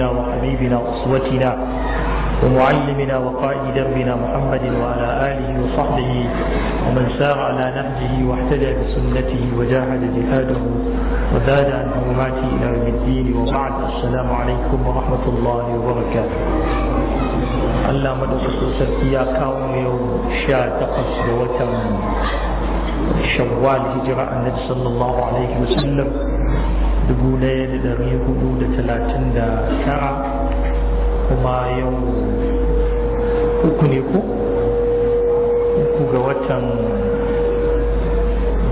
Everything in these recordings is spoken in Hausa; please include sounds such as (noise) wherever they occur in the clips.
سيدنا وحبيبنا وأسوتنا ومعلمنا وقائد دربنا محمد وعلى آله وصحبه ومن سار على نهجه واهتدى بسنته وجاهد جهاده وزاد عن حرماته إلى يوم الدين وبعد السلام عليكم ورحمة الله وبركاته Allah madaukakin sarki ya kawo mu yau sha takwas da watan shawwal hijira annabi sallallahu alaihi dubu ɗaya ɗari da talatin da tara kuma yau uku ne ku uku ga watan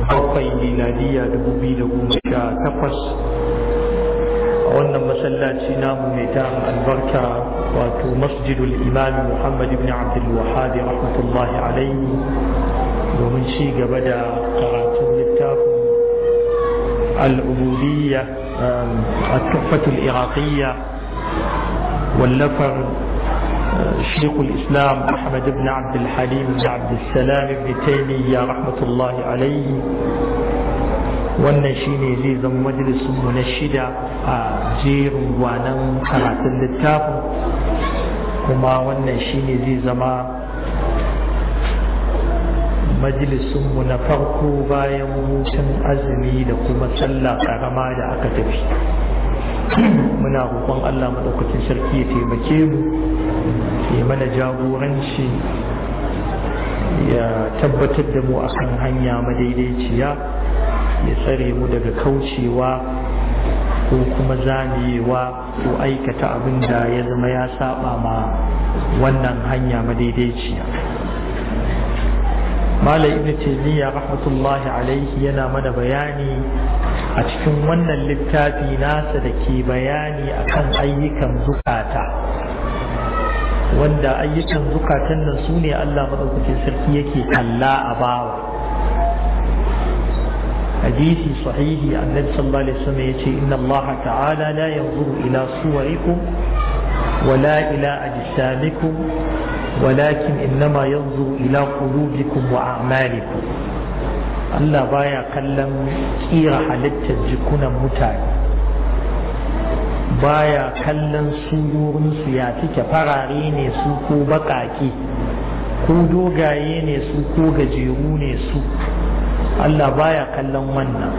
bakwai miladiya dubu biyu da sha takwas a wannan masallaci namu mai tarin albarka wato masjidul imami muhammad ibn abdul wahab rahmatullahi alaihi domin ci gaba da العبودية التحفة العراقية والنفر شيخ الإسلام أحمد بن عبد الحليم بن عبد السلام بن تيمية رحمة الله عليه wannan shine zai zama majalisun mu na shida a jerin gwanan karatun littafin kuma wannan shine zai zama majalisunmu na farko bayan hutun azumi da kuma sallah karama da aka tafi (clears throat) muna roƙon Allah maɗaukacin sarki ya taimake mu ya mana jagoranci ya tabbatar da mu akan hanya madaidaiciya ya tsare mu daga kaucewa ko kuma zanewa ko aikata abin da ya zama ya saba ma wannan hanya madaidaiciya malai ibn taymiya rahmatullahi alaihi yana mana bayani a cikin wannan littafi nasa da ke bayani akan ayyukan zukata wanda ayyukan zukatan nan su ne Allah madaukakin sarki yake kalla a bawa hadisi sahihi annabi sallallahu alaihi wasallam yace inna Allah ta'ala la yanzuru ila suwarikum wala ila ajsamikum walakin innama yanzu ila qulubikum wa Allah baya kallon kira halittar jikunan mutane baya kallon suyorinsu ya cike farare ne su ko bakaki ko dogaye ne su ko gajeru ne su Allah baya kallon wannan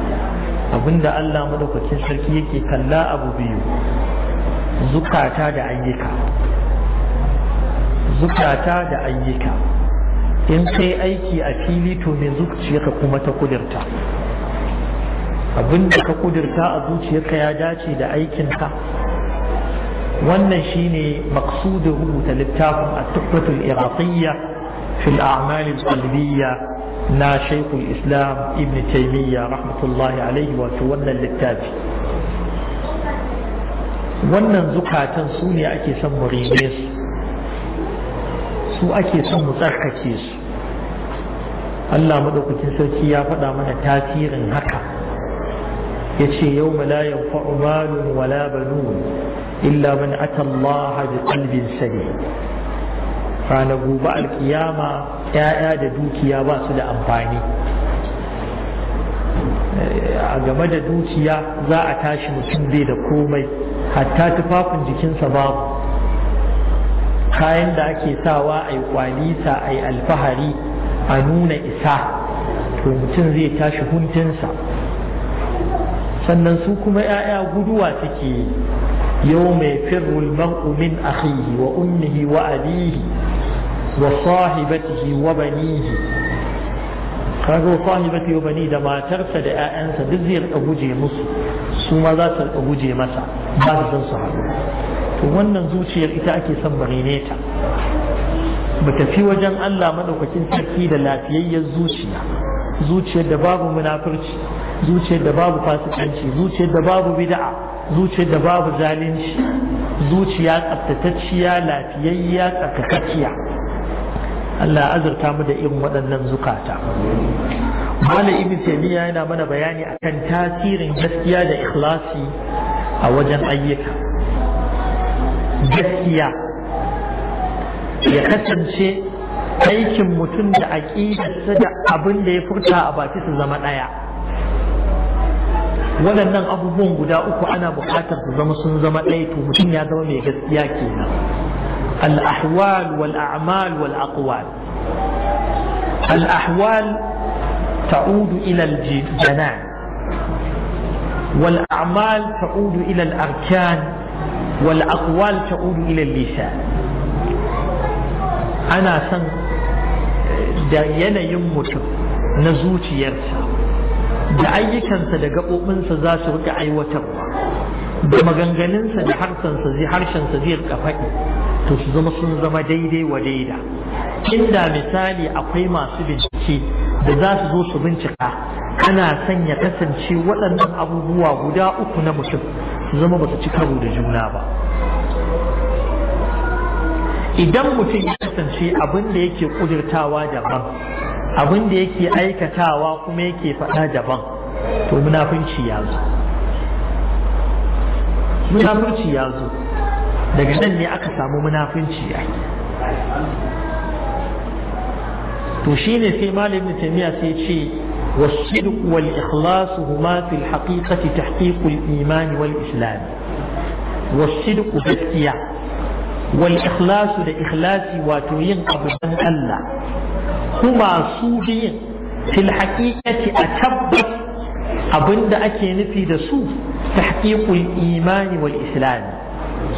abinda Allah madaukakin sarki yake kalla abu biyu zukata da ayyuka zukata da ayyuka in kai aiki a fili to me zuciyarka kuma ta kudirta abinda ka kudirta a zuciyarka ya dace da aikinka wannan shine maksudin rubuta littafin at-tuhfatul iraqiyya fil a'mal al-qalbiyya na shaykhul islam ibn taimiyya rahmatullahi alayhi wa wannan littafi wannan zukatan su ne ake son mu su su ake son mu tsarkake su Allah madaukakin sarki ya faɗa mana tasirin haka ya ce yau la yanfa'u malun wala banun illa man ata bi qalbin sani. rana gobe alkiyama ‘ya'ya da dukiya ba su da amfani a game da dukiya za a tashi mutum bai da komai hatta tufafin jikinsa babu kayan da ake sawa a yi kwalisa a yi alfahari a nuna isa to mutum zai tashi huntinsa sannan su kuma 'ya'ya guduwa suke yau mai firrul mar'u min akhihi wa ummihi wa abihi wa sahibatihi wa banihi kaga sahibatihi wa bani da matarsa da 'ya'yansa duk zai rika guje musu su ma za su rika guje masa ba su san su haɗu to wannan zuciyar ita ake son marine ta mu tafi wajen Allah maɗaukacin sarki da lafiyayyar zuciya zuciyar da babu munafurci zuciyar da babu fasikanci zuciyar da babu bid'a zuciyar da babu zalunci zuciya tsaftatacciya lafiyayya tsaftatacciya. Allah azurta mu da irin waɗannan zukata Malam Ibn Taymiyyah yana mana bayani akan tasirin gaskiya da ikhlasi a wajen ayyuka gaskiya ya kasance aikin mutum da aƙidarsa da abin da ya furta a baki su zama ɗaya waɗannan abubuwan guda uku ana buƙatar su zama sun zama ɗaya to mutum ya zama mai gaskiya kenan al-ahwal wal a'mal wal aqwal al-ahwal تعود إلى الجنان والأعمال تعود إلى الأركان wal aqwal ta'udu ila lisan ana son eh, da yanayin mutum na zuciyarsa da ayyukansa da gaɓoɓinsa za su rika aiwatarwa da maganganunsa da harshensa zai rika faɗi to su zama sun zama daidai wa daida inda misali akwai masu bincike da za su zo su bincika ana san ya kasance waɗannan abubuwa guda uku na mutum su zama ba su ci karo da juna ba idan mutum ya kasance abin da yake kudirtawa daban abin da yake aikatawa kuma yake faɗa daban to munafunci ya zo munafunci ya zo daga nan ne aka samu munafunci ya to shine sai malamin tamiya sai ce والصدق والإخلاص هما في الحقيقة تحقيق الإيمان والإسلام والصدق بالكيا والإخلاص لإخلاص واتوين أبدا الله هما صوبين في الحقيقة أتبت abin da ake nufi da su tahqiqul imani wal islam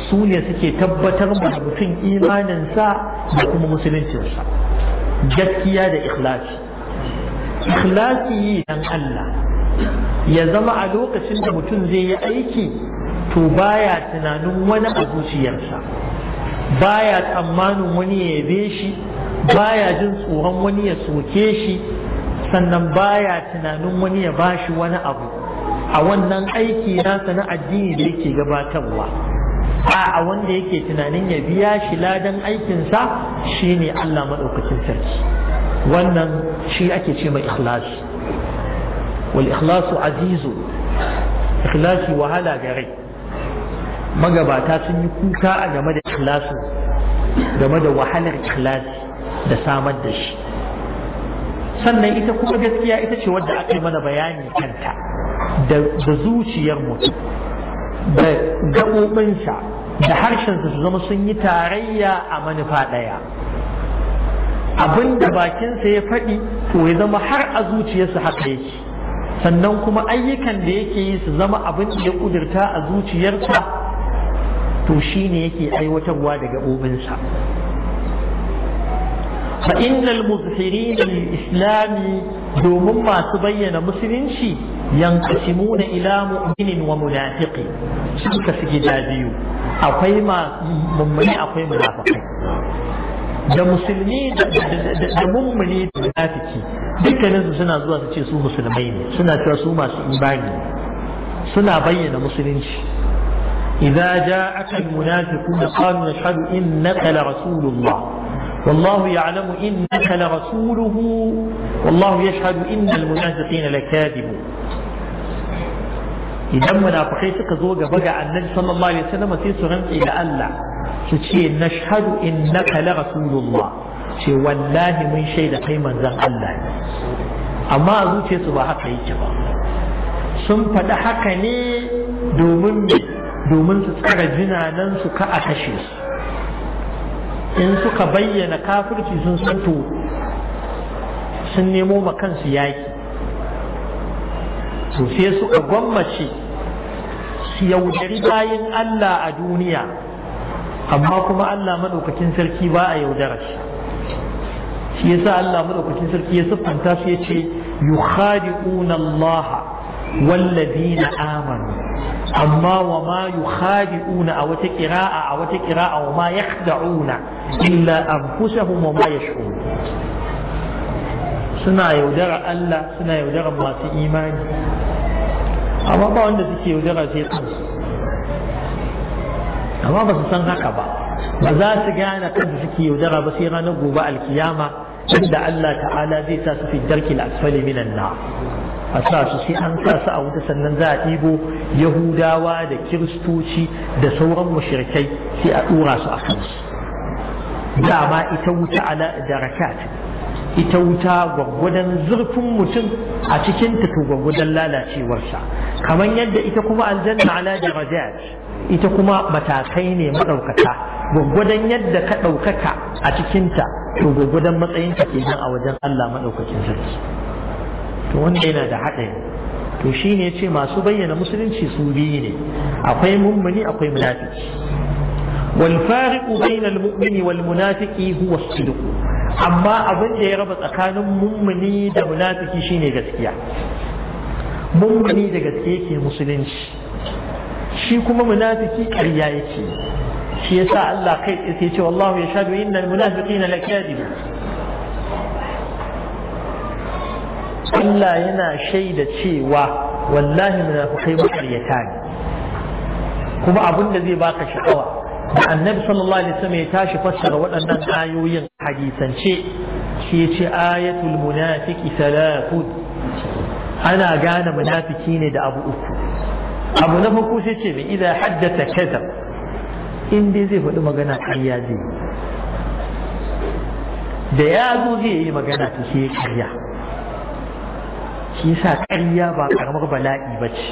su ne suke tabbatar da mutum imaninsa da kuma musuluncinsa gaskiya da ikhlasi ikhlasi yi dan Allah ya zama a lokacin da mutum zai yi aiki to baya tunanin wani a zuciyarsa baya tsammanin wani ya yabe shi baya jin tsoron wani ya soke shi sannan baya tunanin wani ya bashi wani abu a wannan aiki nasa na addini da yake gabatarwa a wanda yake tunanin ya biya shi ladan aikinsa shine Allah maɗaukacin sarki wannan shi ake ce mai ikhlasi wal ikhlasu azizu ikhlasi wahala gare magabata sun yi kuka a game da ikhlasin game da wahalar ikhlasi da samar da shi sannan ita kuma gaskiya ita ce wadda aka yi mana bayani kanta da zuciyar mutum da gaɓoɓinsa da harshensa su zama sun yi tarayya a manufa ɗaya Abin da bakinsa ya faɗi to ya zama har a zuciyarsa haka yake sannan kuma ayyukan da yake yi su zama abin da ya kudurta a zuciyarsa to shine yake aiwatarwa daga obinsa fa innal muzhirin lil islami domin masu bayyana musulunci yankasimuna ila mu'minin wa munafiqi suka su gida biyu akwai ma mummuni akwai munafiqai da musulmi da mummuni da munafiki dukkaninsu suna zuwa su ce su musulmai ne suna cewa su masu imani suna bayyana musulunci إذا جاءك المنافقون قالوا نشهد إنك لرسول الله والله يعلم إنك لرسوله والله يشهد إن المنافقين لكاذبون idan munafikai suka zo gaba ga annabi sallallahu alaihi wasallam sai su rantsi da Allah su ce in innaka la rasulullah ce wallahi mun shaida kai manzan Allah amma a zuciyarsu ba haka yake ba sun faɗi haka ne domin domin su tsara jinanan su ka a kashe su in suka bayyana kafirci sun santo sun nemo ma kansu yaki to sai suka gwammace su yaudari bayan Allah a duniya amma kuma Allah madaukakin sarki ba a yaudara shi shi sa Allah madaukakin sarki ya siffanta shi yace yukhadi'una Allah والذين آمنوا أما وما يخادعون أو تقراء أو تقراء وما يخدعون إلا أنفسهم ma يشعرون suna yaudara Allah suna yaudara masu imani amma ba wanda suke yaudara sai kansu amma ba su san haka ba ba za su gane da suke yaudara ba sai ranar gobe alkiyama inda Allah ta'ala zai sa su fi darkil asfali minan na a sa su sai an sa su a wuta sannan za a ɗibo yahudawa da kiristoci da sauran mushrikai sai a ɗora su a kansu dama ita wuta ala darakat ita wuta gwaggwadon zurfin mutum a cikin ta to gwaggwadon lalacewarsa kamar yadda ita kuma aljanna ala darajat ita kuma matakai ne madaukaka gwaggwadon yadda ka daukaka a cikin ta to gwaggwadon matsayin ka kenan a wajen Allah madaukakin sarki to wanda yana da haɗari to shine yace masu bayyana musulunci su biyu ne akwai mummuni akwai munafiki mumini wal المؤمن والمنافق هو الصدق amma abin da ya raba tsakanin mummuni da munafiki shine gaskiya mummuni da gaske ke musulunci shi kuma munafiki ƙarya yake shi yasa Allah kai yake ce wallahu ya yashhadu innal munafiqina lakadibun Allah yana shaida cewa wallahi munafikai makaryata ne kuma abin da zai baka sha'awa da annabi sallallahu alaihi wasallam ya tashi fassara waɗannan ayoyin hadisance shi ce ayatul munafiki salatu ana gane munafiki ne da abu uku abu na farko sai ce mai idan haddata kaza in dai zai faɗi magana ƙarya zai da ya zo zai yi magana ta sai ƙarya shi yasa ƙarya ba karamar bala'i ba ce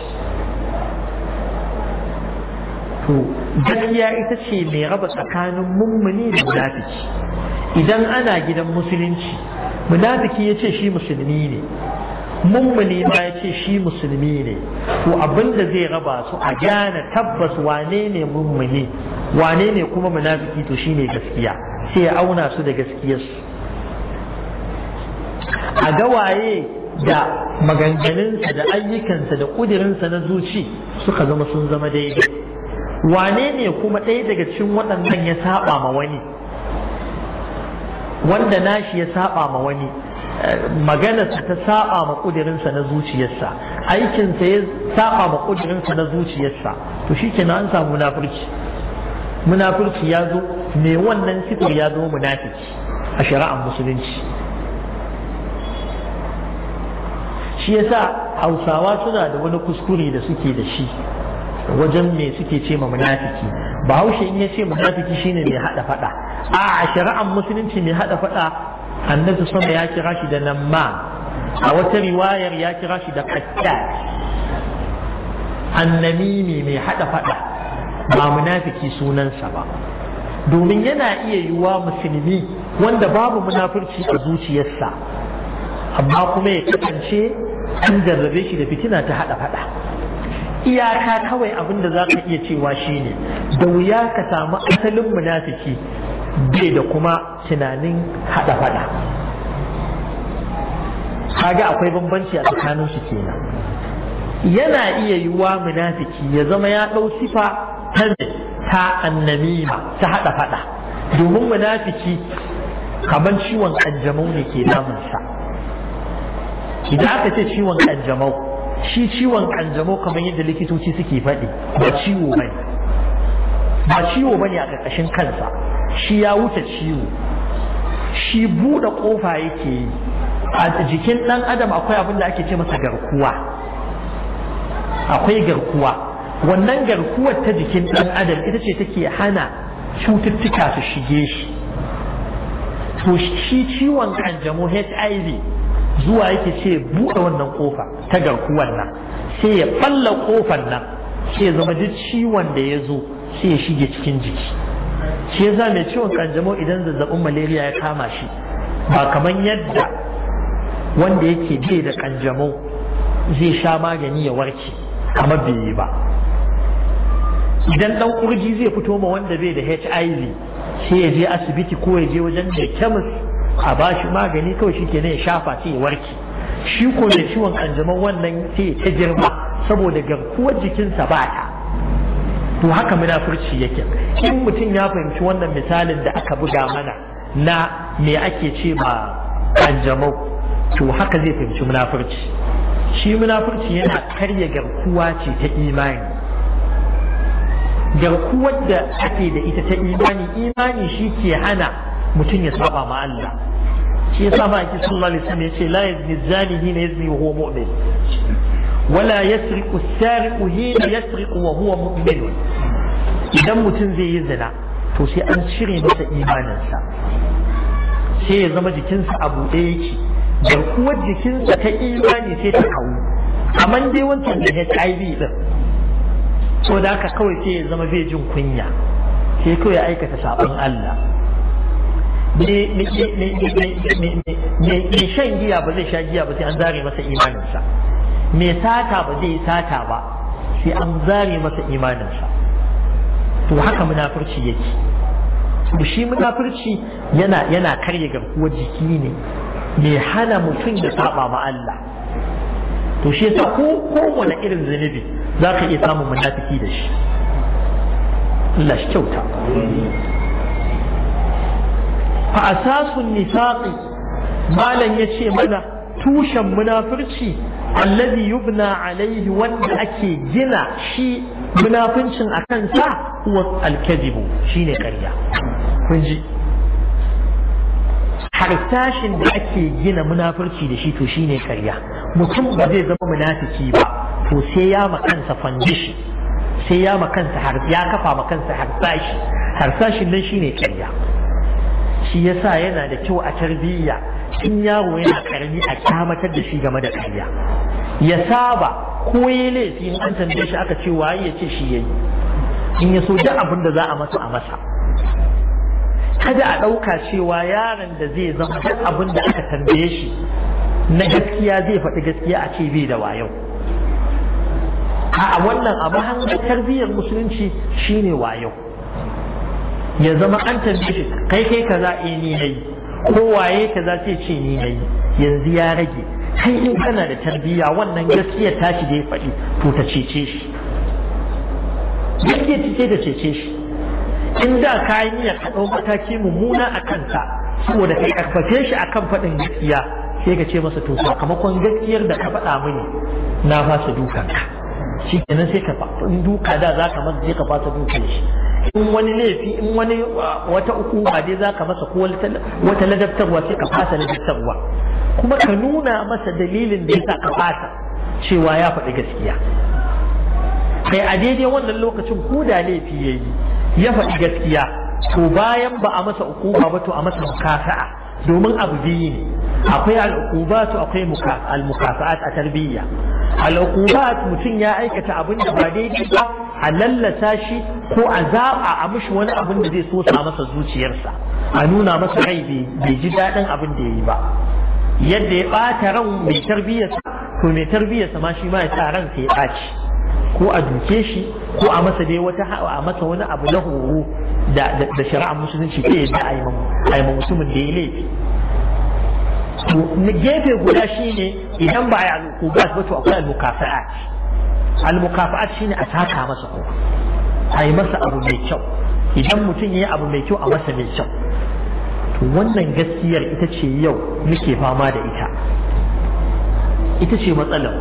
gaskiya ita ce mai raba tsakanin mummuni da munafiki idan ana gidan musulunci munafiki ya ce shi musulmi ne mummuni ma ya ce shi musulmi ne to abinda zai raba su a gane tabbas wane ne mummuni wane ne kuma munafiki to shine gaskiya sai ya auna su da gaskiyarsu a gawaye da maganganunsa da ayyukansa da ƙudirinsa na zuci suka zama sun zama daidai wane ne kuma ɗaya daga cikin waɗannan ya saba ma wani wanda nashi ya saba ma wani eh, maganarsa ta saba ma ƙudurinsa na zuciyarsa aikinsa ya saba ma ƙudurinsa na zuciyarsa to shi ke an samu munafurci munafurci ya zo mai wannan sifir ya zo munafiki a shari'ar musulunci shi yasa hausawa suna da wani kuskure da suke da shi wajen me suke ce ma munafiki bahaushe in ya ce munafiki shine mai hada fada a shari'ar musulunci mai hada fada annabi sama ya kira shi da namma a wata riwayar ya kira shi da qattat annamimi mai hada fada ba munafiki sunansa ba domin yana iya yiwuwa musulmi wanda babu munafurci a zuciyarsa amma kuma ya kasance an jarrabe shi da fitina ta hada fada iyaka kawai abin da za ka iya cewa shine da wuya ka samu asalin munafiki bai da kuma tunanin hada fada kaga akwai bambanci a tsakanin su kenan yana iya yiwuwa munafiki ya zama ya ɗau sifa ta ta annamima ta hada fada domin munafiki kaman ciwon kanjamau ne ke damunsa idan aka ce ciwon kanjamau shi ciwon kanjamau kamar yadda likitoci suke faɗi ba ciwo bane ba ciwo ne a ƙarƙashin kansa shi ya wuce ciwo shi buɗe ƙofa yake yi a jikin ɗan adam akwai abin da ake ce masa garkuwa akwai garkuwa wannan garkuwar ta jikin ɗan adam ita ce take hana cututtuka su shige shi to shi ciwon kanjamau hiv zuwa yake ce buɗe wannan ƙofa ta garkuwan nan sai ya balla ƙofan nan sai ya zama duk ciwon da ya zo sai ya shige cikin jiki shi yasa mai ciwon kanjamau idan zazzabin malaria ya kama shi ba kamar yadda wanda yake bai da kanjamau zai sha magani ya warke kamar bai yi ba idan ɗan kurji zai fito ma wanda bai da HIV sai ya je asibiti ko ya je wajen da kemis a ba shi magani kawai shi na ya shafa sai ya warke shi ko da ciwon kanjamau wannan sai ta girma saboda garkuwar jikinsa ba ta to haka munafurci yake in mutum ya fahimci wannan misalin da aka buga mana na me ake ce ma kanjamau to haka zai fahimci munafurci shi munafurci yana karya garkuwa ce ta imani garkuwar da ake da ita ta imani imani shi ke hana mutum ya saba ma Allah shi yasa ma ake sallallahu alaihi wasallam yace la yazni zani hina yazni wa huwa mu'min wala yasriqu sariqu hina yasriqu wa huwa mu'min idan mutum zai yi zina to sai an cire masa imaninsa sai ya zama jikinsa a buɗe yake garkuwar jikinsa ta imani sai ta kawo kamar dai wancan da HIV din so da haka kawai sai ya zama bai jin kunya sai kawai ya aikata sabon Allah mai shan giya ba zai sha giya ba sai an zare masa imaninsa mai sata ba zai sata ba sai an zare masa imaninsa to haka munafurci yake to shi munafurci yana yana karya garkuwar jiki ne mai hana mutum ya saba ma Allah to shi yasa ko kowane irin zunubi za ka iya samun munafiki da shi Allah shi kyauta fa asasun nifaqi malam yace mana tushen munafurci alladhi yubna alaihi wanda ake gina shi munafincin a kansa huwa alkazibu shine ƙarya kun ji harsashin da ake gina munafurci da shi to shine ƙarya mutum ba zai zama munafiki ba to sai ya makansa fandishi sai ya makansa har ya kafa makansa harsashi harsashin nan shine ƙarya shi yasa yana da kyau a tarbiyya in yaro yana karami a kyamatar da shi game da karya ya saba ko yi laifi in an tambaye shi aka ce waye ya ce shi yayi in ya so duk abin da za a masa a masa kada a ɗauka cewa yaron da zai zama duk abin da aka tambaye shi na gaskiya zai faɗi gaskiya a ce bai da wayau a wannan abu hanyar tarbiyyar musulunci shine wayo ya zama an tambaye kai kai kaza eh ni nayi ko waye kaza sai ce ni nayi yanzu ya rage kai in kana da tarbiyya wannan gaskiya shi da ya faɗi to ta cece shi gaskiya cece ta cece shi in da ka yi niyyar ka ɗau mataki mummuna a kanta saboda kai karfafe shi akan faɗin gaskiya sai ka ce masa to sakamakon gaskiyar da ka faɗa mini na fasa dukanka shi kenan sai ka duka da za ka masa sai ka fasa dukan shi in wani laifi in wani wata uku ba dai za masa ko wata ladabtarwa sai ka fasa ladabtarwa kuma ka nuna masa dalilin da yasa ka fasa cewa ya faɗi gaskiya kai a daidai wannan lokacin ko da laifi ya yi ya faɗi gaskiya to bayan ba a masa ukuba ba to a masa mukafa'a domin abu biyu ne akwai al'ukubatu akwai al a tarbiyya al'ukubatu mutum ya aikata abin da ba daidai ba a lallata shi ko a zaɓa a mishi wani abin da zai sosa masa zuciyarsa a nuna masa rai bai ji daɗin abin da ya yi ba yadda ya ɓata ran mai tarbiyyarsa to mai tarbiyyarsa ma shi ma ya sa ransa ya ɓaci ko a duke shi ko a masa dai wata a masa wani abu na horo da shari'ar musulunci ta yadda a yi mutumin da ya laifi gefe guda shine idan ba ya alƙubat ba to akwai alƙukafi'at almukafa'at shine a saka masa ko a yi masa abu mai kyau idan mutum ya yi abu mai kyau a masa mai kyau to wannan gaskiyar ita ce yau muke fama da ita ita ce matsalar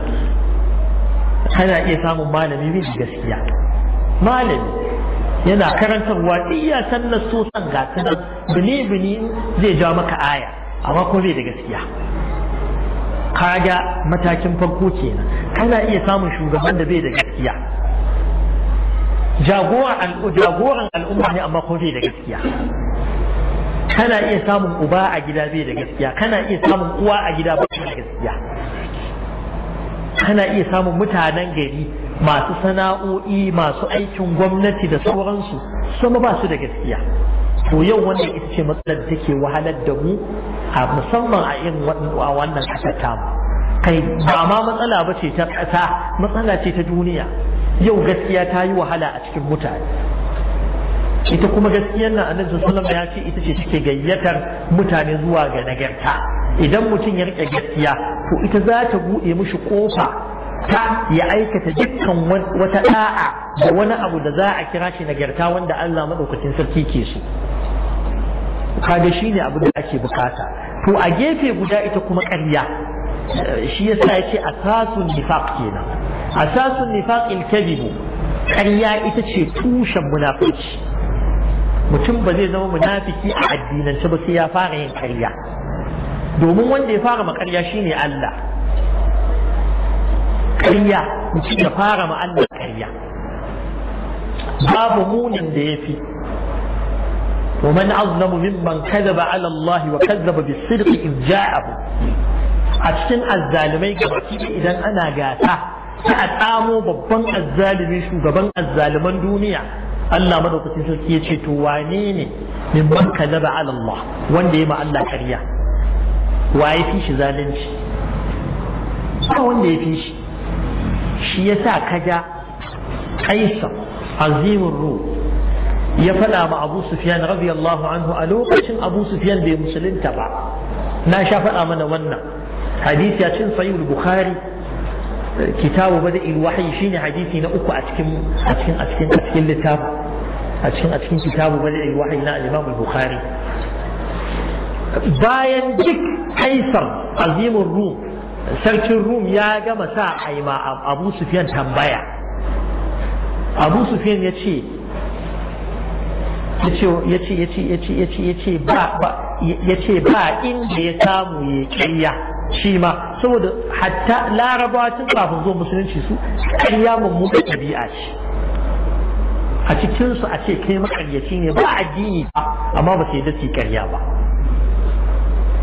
kana iya samun malami bai gaskiya malami yana karantarwa iya san na so san gata nan bini bini zai ja maka aya amma ko bai da gaskiya kaga matakin farko kenan kana iya samun shugaban da bai da gaskiya jagoran al'umma ne amma kuma bai da gaskiya kana iya samun uba a gida bai da gaskiya kana iya samun uwa a gida bai da gaskiya kana iya samun mutanen gari masu sana'o'i masu aikin gwamnati da sauransu sama ba su da gaskiya to yau wannan ita ce matsalar da take wahalar da mu a musamman a irin wannan kasar tamu kai ba ma matsala ba ce ta ƙasa matsala ce ta duniya yau gaskiya ta yi wahala a cikin mutane ita kuma gaskiyar nan annabi sallallahu ya ce ita ce take gayyatar mutane zuwa ga nagarta idan mutum ya rike gaskiya to ita za ta buɗe mishi kofa ta ya aikata dukkan wata da'a da wani abu da za a kira shi nagarta wanda Allah maɗaukacin sarki ke so kaga shine abin da ake bukata to a gefe guda ita kuma ƙarya shi yasa a sasun nifaq kenan asasun nifaq al-kadhib ƙarya ita ce tushen munafici mutum ba zai zama munafiki a addinance ba sai ya fara yin ƙarya domin wanda ya fara makarya ne Allah ƙarya mutum ya fara ma Allah ƙarya babu munin da ya fi ومن أظلم ممن كذب على الله وكذب بالصدق إذ جاءه أشتن الظالمي قبطي إذا أنا قاتا تأتامو ببن الظالمي شو ببن الظالمان دونيا Allah madaukakin sarki ya ce to wane ne min man kazaba wanda ya ma Allah kariya waye fi shi zalunci ba wanda ya shi azimin ruh ya faɗa ma abu sufiyan radiyallahu anhu a lokacin abu sufiyan bai musulunta ba na sha faɗa mana wannan hadisi ya cin sayyid bukhari kitabu bada ilwahi shine hadisi na uku a cikin a cikin a cikin a cikin littafi a cikin a cikin kitabu bada ilwahi na al-imam bukhari bayan duk kaisar azimin rum sarkin rum ya gama sa aima abu sufiyan tambaya abu sufiyan ya ce yace ce ba inda ya samu ya kiyya shi ma saboda hatta larabawa tun kafin zo musulunci su kiyya mummunar ɗabi'a ce a cikinsu a ce kai makaryaci ne ba addini ba amma ba sai da su ba ba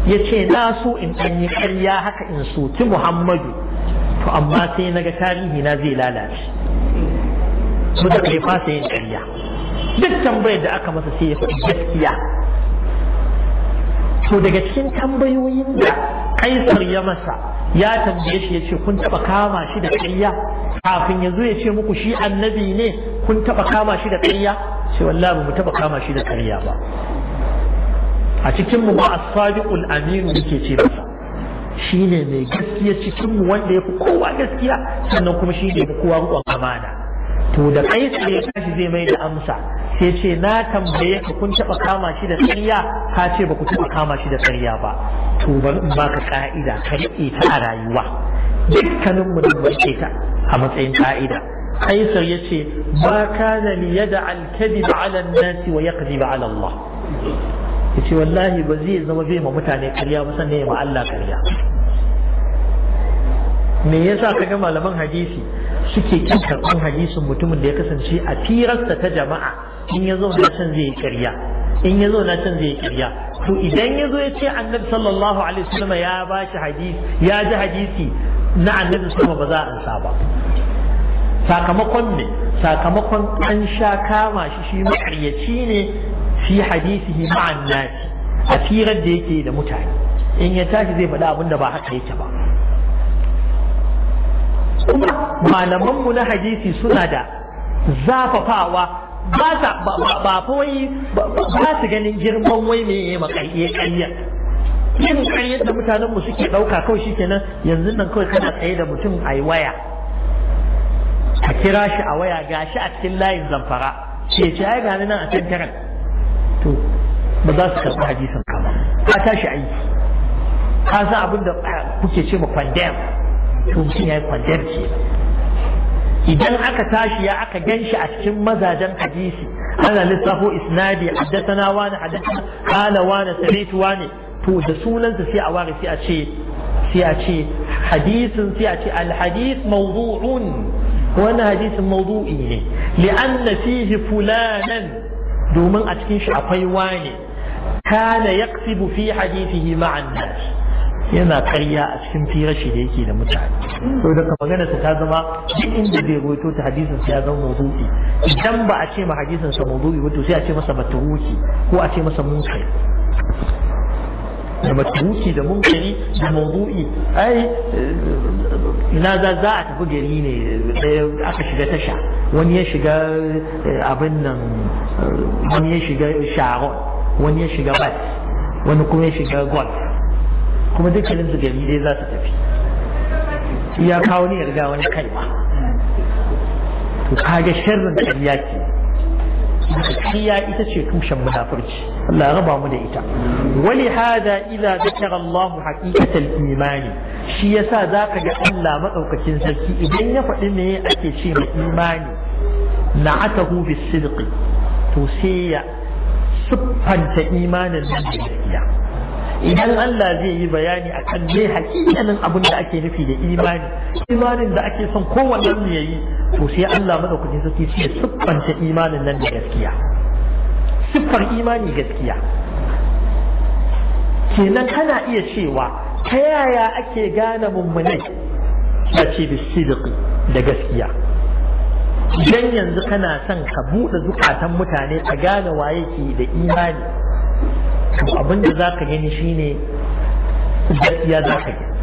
yace na so in dan yi haka in so Muhammadu to amma sai na ga tarihi na zai lalace mu fasa yin ƙarya duk tambayar da aka masa sai ya faɗi gaskiya to daga cikin tambayoyin da kaisar ya masa ya tambaye shi ya ce kun taɓa kama shi da ƙarya kafin ya ya ce muku shi annabi ne kun taba kama shi da ƙarya ce wallahi mu taba kama shi da ƙarya ba a cikin mu ba as-sadiqul aminu yake ce Shi shine mai gaskiya cikinmu mu wanda yafi kowa gaskiya sannan kuma shine kowa riƙon amana to da kai ya kashi zai mai da amsa sai ce na tambaye ka kun taba kama shi da tsariya ka ce ba ku taba kama shi da tsariya ba to bari in baka ka'ida ka riƙe ta a rayuwa dukkanin mu da rike ta a matsayin ka'ida kaisar ya ce ba ka li liya da kadhib ala an-nas wa yaqdhib ala Allah ce wallahi ba zai zama bai ma mutane karya ba sannan ya ma Allah karya me yasa ga malaman hadisi suke kin karɓar hadisin mutumin da ya kasance a firarsa ta jama'a in ya zo na can zai karya in ya zo na can zai karya to idan ya zo ya ce annabi sallallahu alaihi wasallam ya ba shi hadisi ya ji hadisi na annabi sama ba za a ansa ba sakamakon ne sakamakon an sha kama shi shi makaryaci ne fi hadisihi ma'an nasi a firar da yake da mutane in ya tashi zai faɗi abin da ba haka yake ba kuma malamanmu na hadisi suna da zafafawa ba sa ba ba su ganin girman wai me ya makaiye ƙaryar yin ƙaryar da mutanenmu suke ɗauka kawai shi kenan yanzu nan kawai kana tsaye da mutum a waya a kira shi a waya gashi a cikin layin zamfara ce ce ai gani nan a can to ba za su karɓi hadisin ka ba ka tashi aiki ka san abin da kuke ce ma condemn to mutum ya yi kwandiyar ke idan aka tashi ya aka gan shi a cikin mazajen hadisi ana lissafo isnadi haddathana wani haddathana qala wani sami'tu wani to da sunansa sai a ware sai a ce sai a ce hadisin sai a ce alhadith mawdu'un wani hadisin mawdu'i ne li'anna fihi fulanan domin a cikin shi akwai wani kana yaqsibu fi hadithihi ma'an nas yana karya a cikin firashi da yake da mutane to da magana ta zama duk inda bai ruwaito ta hadisin ya zama mawdu'i idan ba a ce ma hadisin sa mawdu'i ba to sai a ce masa matruki ko a ce masa munkari da matruki da munkari da mawdu'i ai ina za za a tafi gari ne eh, aka shiga tasha wani ya shiga eh, abin nan wani ya shiga sharon wani ya shiga bat, wani kuma ya shiga golf kuma dukkanin su gari dai za su tafi ya kawo ne riga wani ba to kaga sharrin ƙarya ce kariya ita ce tushen munafurci Allah raba mu da ita wali hada ila dhakara Allah haqiqatal imani shi yasa zaka ga Allah madaukakin sarki idan ya faɗi me ake ce ma imani na'atahu bis sidqi to sai ya siffanta imanin nan da gaskiya idan Allah zai yi bayani a kan me hakikanin abin da ake nufi da imani imanin da ake son kowanne mu yayi to sai Allah madaukakin sarki sai siffanta imanin nan da gaskiya siffar imani gaskiya kenan kana iya cewa ta yaya ake gane mummunai ta ce bisidiki da gaskiya idan yanzu kana son ka buɗe zukatan mutane ka gane waye ke da imani to da za ka gani shine gaskiya za ka gani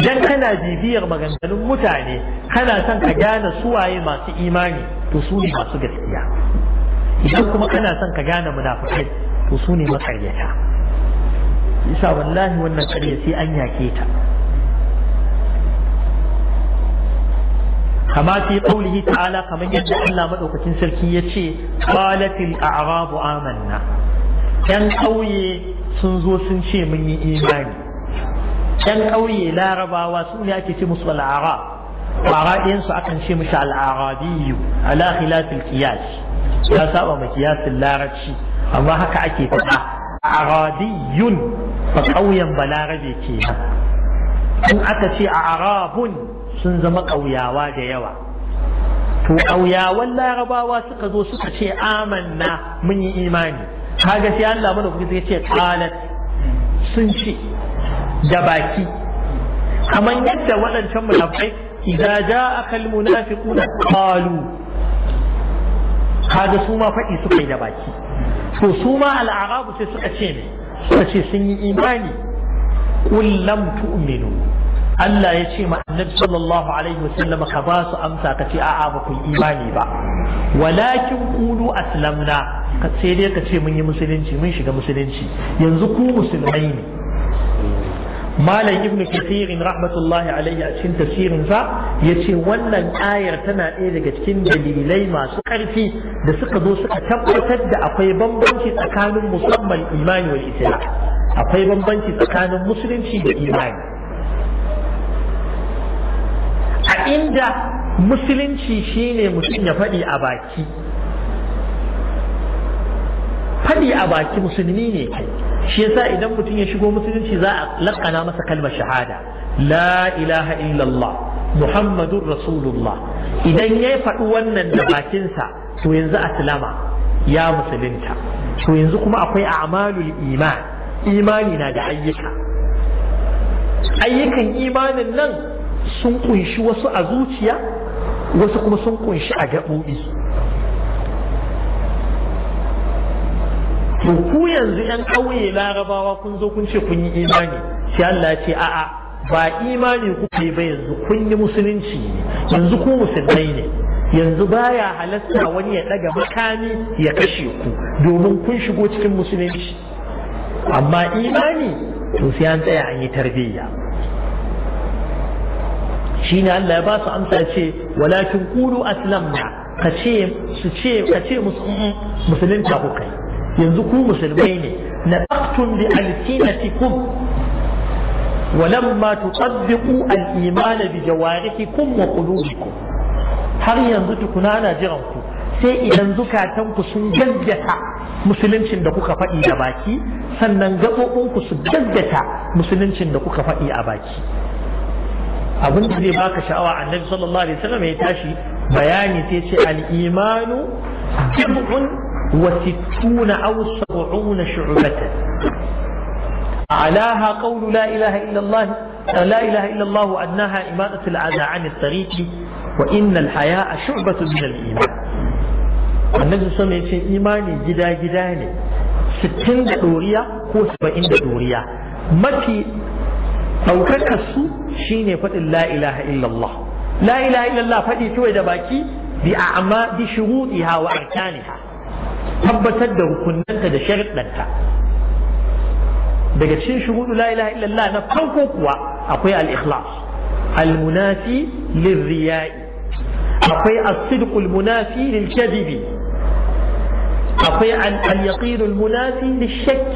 idan kana bibiyar maganganun mutane kana son ka gane suwaye masu imani to su ne masu gaskiya idan kuma kana son ka gane munafukai to su ne makaryata isa wallahi wannan karya sai an yake ta kama fi qaulihi ta'ala kamar yadda Allah madaukakin sarki yace qalatil a'rabu amanna 'yan ƙauye sun zo sun ce mun yi imani yan ƙauye larabawa sun ne ake ce musu al'ara ƙwara ɗayansu akan ce musu al'arabiyu ala khilafil qiyas ya saba ma kiyasin larabci amma haka ake faɗa arabiyun ba ƙauyen balarabe ke in aka ce a arabun sun zama ƙauyawa da yawa to ƙauyawan larabawa suka zo suka ce amanna mun yi imani kaga sai Allah mana kuma sai ce qalat sun ce da baki kamar yadda waɗancan munafikai idza kal almunafiquna qalu kaga su ma faɗi suka yi da baki to su ma al'arabu sai suka ce ne suka ce sun yi imani qul lam tu'minu Allah ya ce ma annabi sallallahu alaihi wasallam ka ba su amsa ka ce a'a ba ku imani ba walakin kulu aslamna ka sai dai ka ce mun yi musulunci mun shiga musulunci yanzu ku musulmai ne malam ibnu kathir rahmatullahi alaihi a cikin tafsirin sa yace wannan ayar tana ɗaya daga cikin dalilai masu ƙarfi da suka zo suka tabbatar da akwai bambanci tsakanin musamman imani wa islam akwai bambanci tsakanin musulunci da imani a inda musulunci shine mutum ya faɗi a baki faɗi a baki musulmi ne kai shi yasa idan mutum ya shigo musulunci za a lakana masa kalmar shahada la ilaha illallah muhammadun rasulullah idan ya faɗi wannan da bakinsa to yanzu aslama ya musulunta to yanzu kuma akwai a'malul iman imani na da ayyuka ayyukan imanin nan sun kunshi wasu a zuciya wasu kuma sun kunshi a gaɓoɓi to ku yanzu yan ƙauye larabawa kun zo kun ce kun yi imani sai Allah ce a'a ba imani ku ba yanzu kun yi musulunci ne yanzu ku musulmai ne yanzu baya halatta wani ya ɗaga makami ya kashe ku domin kun shigo cikin musulunci amma imani to sai an tsaya an yi tarbiyya shine Allah ya ba su amsa ce walakin qulu aslamna ka ce su ce ka ce musulunta ku kai yanzu ku musulmai ne na taqtun bi alsinatikum ولما تطبقوا الإيمان بجوارحكم وقلوبكم har yanzu tukuna ana jiran ku sai idan zukatanku sun gaggata musuluncin da kuka faɗi a baki sannan gaɓoɓinku su gaggata musuluncin da kuka faɗi a baki abin da zai baka sha'awa annabi sallallahu alaihi wasallam ya tashi bayani sai ce al-imanu jib'un wa sittuna aw sab'una shu'batan أعلاها قول لا إله إلا الله لا إله إلا الله وأدناها إمادة الأذى عن الطريق وإن الحياء شعبة من الإيمان النبي صلى الله عليه وسلم إيماني جدا جدا 60 دورية ko 70 da doriya mafi أو كتس شين يفت لا إله إلا الله لا إله إلا الله فدي تو باكي بأعمى بشروطها وأركانها حبت الدو كننت دا شرط لنتا بقتشين شروط لا إله إلا الله نفقوا قوة أقوي الإخلاص المنافي للرياء أقوي الصدق المنافي للكذب أقوي اليقين المنافي للشك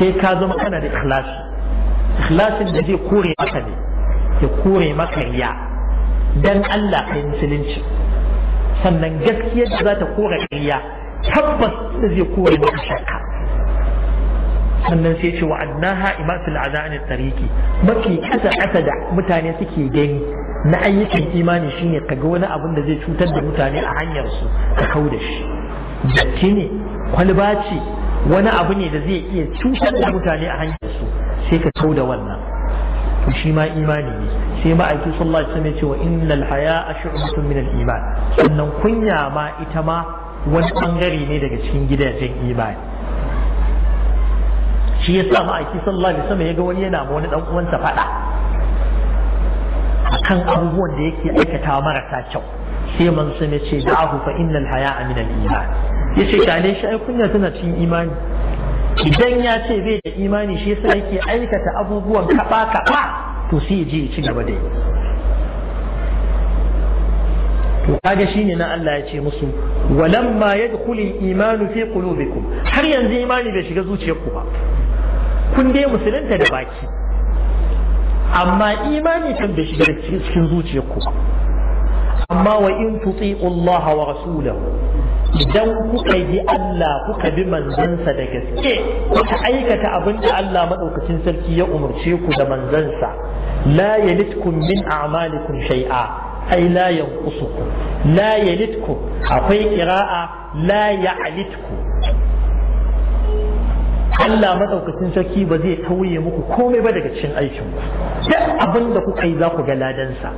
sai ka zama kana da ikhlasi ikhlasin da zai kore maka ne ya kore maka riya dan Allah kai musulunci sannan gaskiya da za ta kore riya tabbas da zai kore maka shakka sannan sai ce annaha imatul azani tariki mafi kasa kasa da mutane suke gani na ayyukan imani shine ga wani abin da zai cutar da mutane a hanyar su ka kau da shi datti ne kwalba ce wani abu ne da zai iya cutar da mutane a hanyar su sai ka kau da wannan to shi ma imani ne sai ma sallallahu alaihi wasallam ya cewa innal haya a min al-iman sannan kunya ma ita ma wani bangare ne daga cikin gidajen imani shi yasa ma'aiki sallallahu alaihi wasallam ya ga wani yana ma wani dan uwansa fada akan abubuwan da yake aikata marasa kyau sai man sun yace da'ahu fa innal haya'a min al-iman yace ne shi ai kunya tana cikin imani idan ya ce bai da imani shi yasa yake aikata abubuwan kaba kaba to sai ya je ya ci gaba da yi to kaga shine na Allah ya ce musu walamma yadkhulu al-imanu fi qulubikum har yanzu imani bai shiga zuciyarku ba kun dai musulunta da baki amma imani kan bai shiga cikin zuciyarku ba amma wa in tuti'u Allah wa rasulahu idan kuka yi Allah kuka bi manzansa da gaske kuka aikata abin da Allah madaukakin sarki ya umarce ku da manzansa la yalitkum min a'malikum shay'a ay la yanqusukum la yalitkum akwai qira'a la ya'litkum Allah madaukakin sarki ba zai tauye muku komai ba daga cikin aikin ku duk abin da kuka yi za ku ga ladansa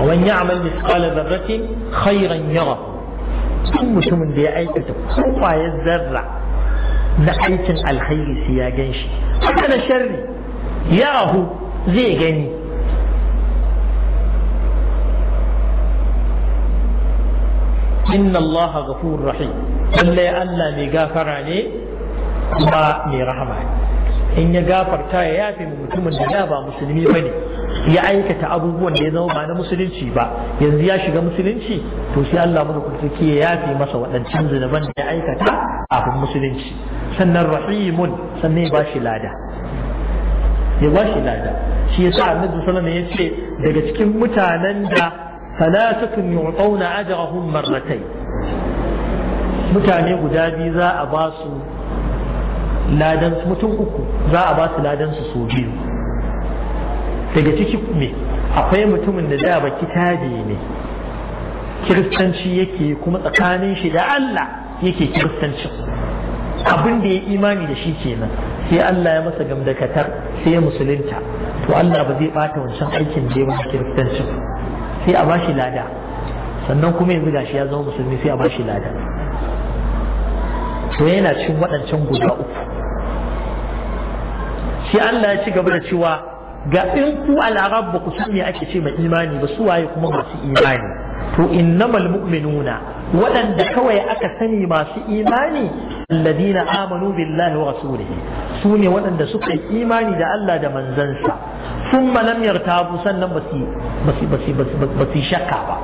ومن يعمل مثقال ذرة خيرا يرى سن متمن بي ايتت كوفا يزرع لأيت الخير سيا جنشي أنا شري يراه زي جني إن الله غفور رحيم إلا أن لي غفر علي ما لي رحمه in ya gafarta ya yafe mu mutumin da ya ba musulmi bane ya aikata abubuwan da ya zama ba na musulunci ba yanzu ya shiga musulunci to sai Allah mu take ya yafe masa waɗancan zunuban da ya aikata kafin musulunci sannan rahimun sannan ya ba shi lada ya ba shi lada shi yasa annabi sallallahu alaihi wasallam ce daga cikin mutanen da salasatun yu'tawna ajrahum marratayn mutane guda biyu za a ba su ladan mutum uku za a ba su ladan su so biyu daga ciki me akwai mutumin da da baki taji ne kiristanci yake kuma tsakanin shi da Allah yake kiristanci abin da ya imani da shi kenan sai Allah ya masa gamdakatar sai ya musulunta to Allah ba zai bata wancan aikin da ya ba kiristanci sai a bashi lada sannan kuma yanzu gashi ya zama musulmi sai a bashi lada to yana cin waɗancan guda uku sai Allah ya ci gaba da cewa ga in ku al'arab ba ku san me ake ce mai imani ba su waye kuma masu imani to innamal mu'minuna waɗanda kawai aka sani masu imani alladina amanu billahi wa rasulihi su ne waɗanda suka yi imani da Allah da manzansa sun lam tabu sannan ba su shakka ba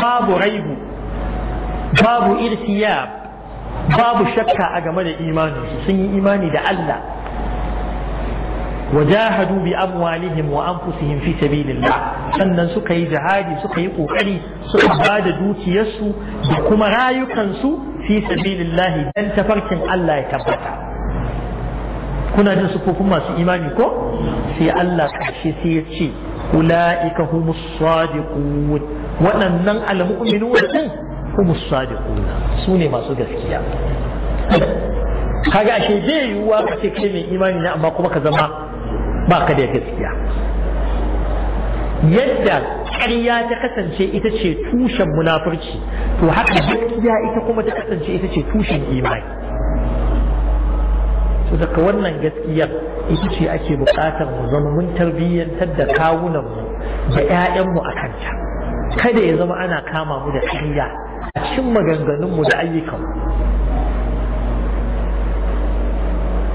babu raibu babu irsiyab babu shakka a game da imaninsu sun yi imani da Allah Wajahadu وجاهدوا بأموالهم وأنفسهم في سبيل الله sannan suka yi jihadi suka yi kokari suka ba da dukiyarsu da kuma rayukansu fi sabilillahi dan tafarkin Allah ya tabbata kuna jin sufofin masu imani ko sai Allah karshe sai ya ce ulaika humus sadiqun waɗannan almu'minun din humus sadiqun sune masu gaskiya kaga ashe bai yiwuwa ka kai mai imani ne amma kuma ka zama ba ka da gaskiya yadda ƙarya ta kasance ita ce tushen munafurci to haka gaskiya ita kuma ta kasance ita ce tushen imani to daga wannan gaskiyar ita ce ake buƙatar mu zama mun tarbiyyantar da kawunanmu da 'ya'yanmu a kanta kada ya zama ana kama mu da ƙarya a cimma maganganunmu da ayyukanmu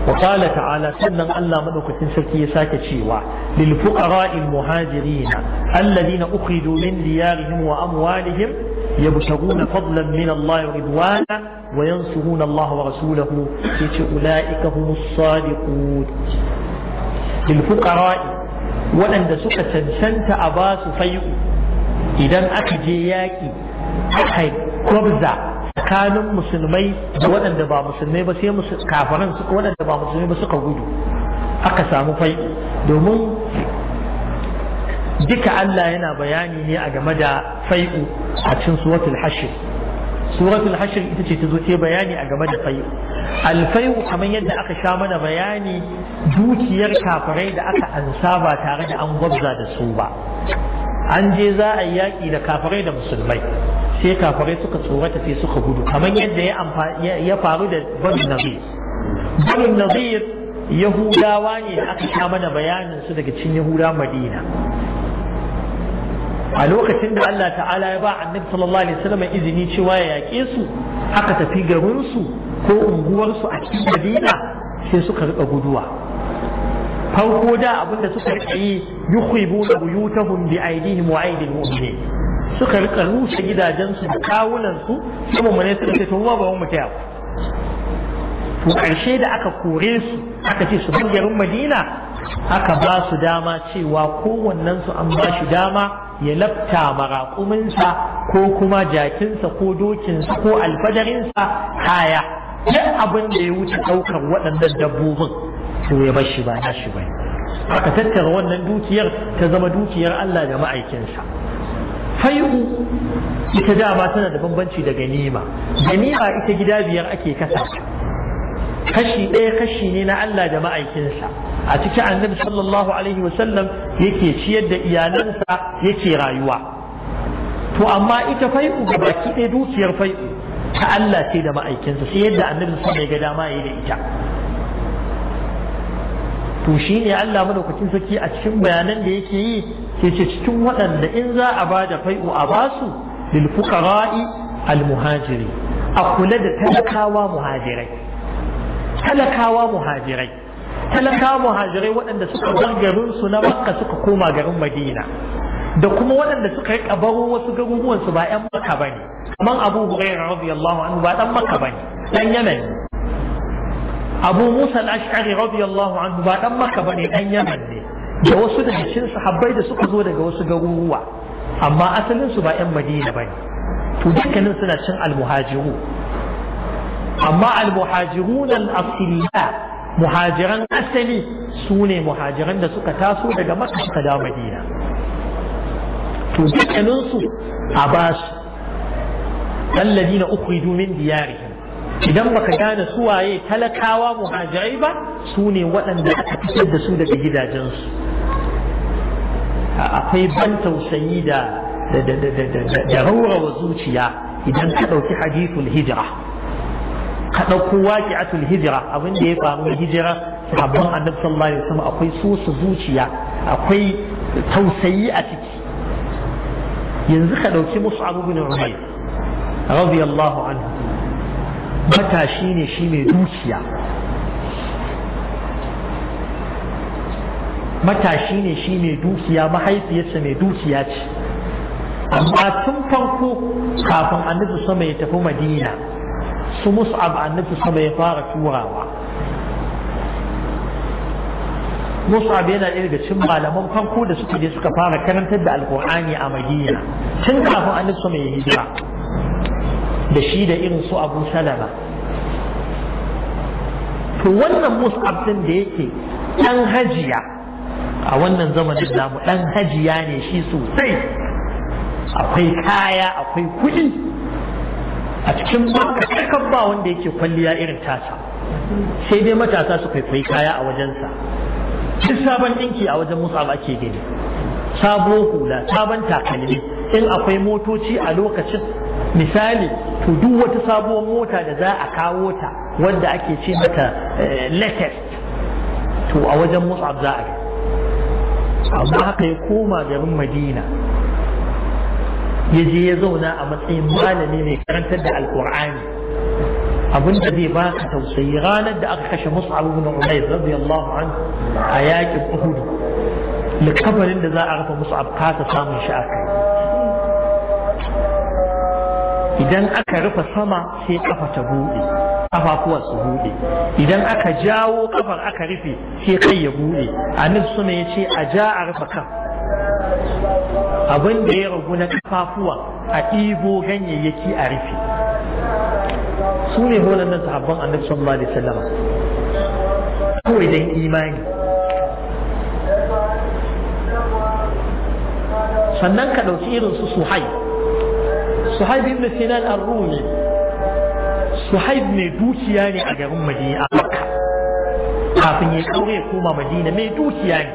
وقال تعالى سنن الله مدوكتين سكي ساكة شيوا للفقراء المهاجرين الذين أخرجوا من ديارهم وأموالهم يبتغون فضلا من الله ورضوانا وينصرون الله ورسوله أولئك هم الصادقون للفقراء وأن سكة سنت أباس فيؤ إذا أكجياكي أحد كبزة tsakanin musulmai da waɗanda ba musulmai ba sai kafiran waɗanda ba musulmai ba suka gudu aka samu fai domin duka Allah yana bayani ne a game da fai'u a cikin suratul hashir suratul hashir ita ce ta zo ta bayani a game da fai'u alfai'u kamar yadda aka sha mana bayani dukiyar kafirai da aka ansa ba tare da an gwabza da su ba an je za a yi yaƙi da kafirai da musulmai sai kafirai suka tsorata sai suka gudu kamar yadda ya faru da banu nazir banu nazir yahudawa ne da aka sha mana bayanin su daga cikin yahuda madina a lokacin da Allah ta'ala ya ba annabi sallallahu alaihi wasallam izini cewa ya yaƙe su aka tafi garin su ko unguwarsu a cikin madina sai suka rika guduwa farko da abinda suka rika yi yukhibuna buyutahum bi aydihim wa aydil mu'minin suka rika rushe gidajensu da kawunansu sai mummune suka ce to ba mu taya ku to karshe da aka kore su aka ce su bar garin Madina aka ba su dama cewa kowannen su an ba shi dama ya lafta maraƙuminsa ko kuma jakinsa ko dokinsa ko alfadarinsa kaya duk abin da ya wuce ɗaukar waɗannan dabbobin to ya bar shi ba na shi ba aka tattara wannan dukiyar ta zama dukiyar Allah da ma'aikinsa fai'u ita dama tana da bambanci da ganima ganima ita gida biyar ake kasa kashi ɗaya kashi ne na Allah da ma'aikinsa a cikin annabi sallallahu alaihi wasallam yake ciyar da iyalansa yake rayuwa to amma ita fai'u ga baki ɗaya dukiyar fai'u ta Allah ce da ma'aikinsa sai yadda annabi sun ga dama yayi da ita to shine Allah madaukakin sarki a cikin bayanan da yake yi sai ce cikin waɗanda in za a ba da fai'u a ba su lil fuqara'i al muhajiri a kula da talakawa muhajirai talakawa muhajirai talakawa muhajirai waɗanda suka bar garinsu na makka suka koma garin madina da kuma waɗanda suka rika baro wasu garuruwan su ba ƴan makka bane kamar abu hurairah radiyallahu anhu ba ɗan makka bane ɗan yamen abu musa al-ash'ari radiyallahu anhu ba ɗan makka bane ɗan yamen ne da wasu da cikin sahabbai da suka zo daga wasu garuruwa amma asalin su ba 'yan madina ne, to dukkanin suna cin almuhajiru amma almuhajiru al-asliya muhajiran asali su ne muhajiran da suka taso daga makka suka dawo madina to dukkanin su a basu na uku domin diyari, idan baka gane su waye talakawa muhajirai ba su ne waɗanda aka fitar da su daga gidajensu akwai ban tausayi da raurawa zuciya idan ka ɗauki hadithul hijira ka ɗauko waƙi'atul hijira abin da ya faru da hijira sahabban annabi sallallahu alaihi wasallam akwai sosa zuciya akwai tausayi a ciki yanzu ka ɗauki mus'ab ibn umayr radiyallahu anhu matashi ne shi mai dukiya matashi ne shi mai dukiya mahaifiyarsa mai dukiya ce amma tun farko kafin annabi sama ya tafi madina su mus'ab annabi sama ya fara turawa mus'ab yana ɗaya daga cikin malaman farko da suka je suka fara karantar da alkur'ani a madina tun kafin annabi sama ya hijira da shi da irin su abu salama to wannan mus'ab din da yake ɗan hajiya a wannan zamanin mu dan hajiya ne shi sosai akwai kaya akwai kuɗi a cikin banka kakan ba wanda yake kwalliya irin tasa sai dai matasa su kwaikwayi kaya a wajensa duk sabon ɗinki a wajen musa ake gani sabo hula sabon takalmi in akwai motoci a lokacin misali to duk wata sabuwar mota da za a kawo ta wanda ake ce mata eh, latest to a wajen musa za a amma haka ya koma garin madina ya je ya zauna a matsayin malami mai karantar da alkur'ani abin da zai ba ka tausayi ranar da aka kashe mus'ab ibn umayr radiyallahu anhu a yakin uhud likabarin da za a rufe mus'ab kasa samun shi a kai idan aka rufe sama sai kafa ta buɗe kafafuwar su buɗe idan aka jawo kafar aka rufe sai kai ya buɗe annabi suna ya ce a ja a rufe kan abin da ya ragu na kafafuwa a ɗibo ganyayyaki a rufe su ne nan sahabban annabi sallallahu alaihi wasallam ko idan imani sannan ka ɗauki irin su suhai suhai bin sinan ar-rumi suhaib mai dukiya ne a garin madina a makka kafin ya kaure ya koma madina mai dukiya ne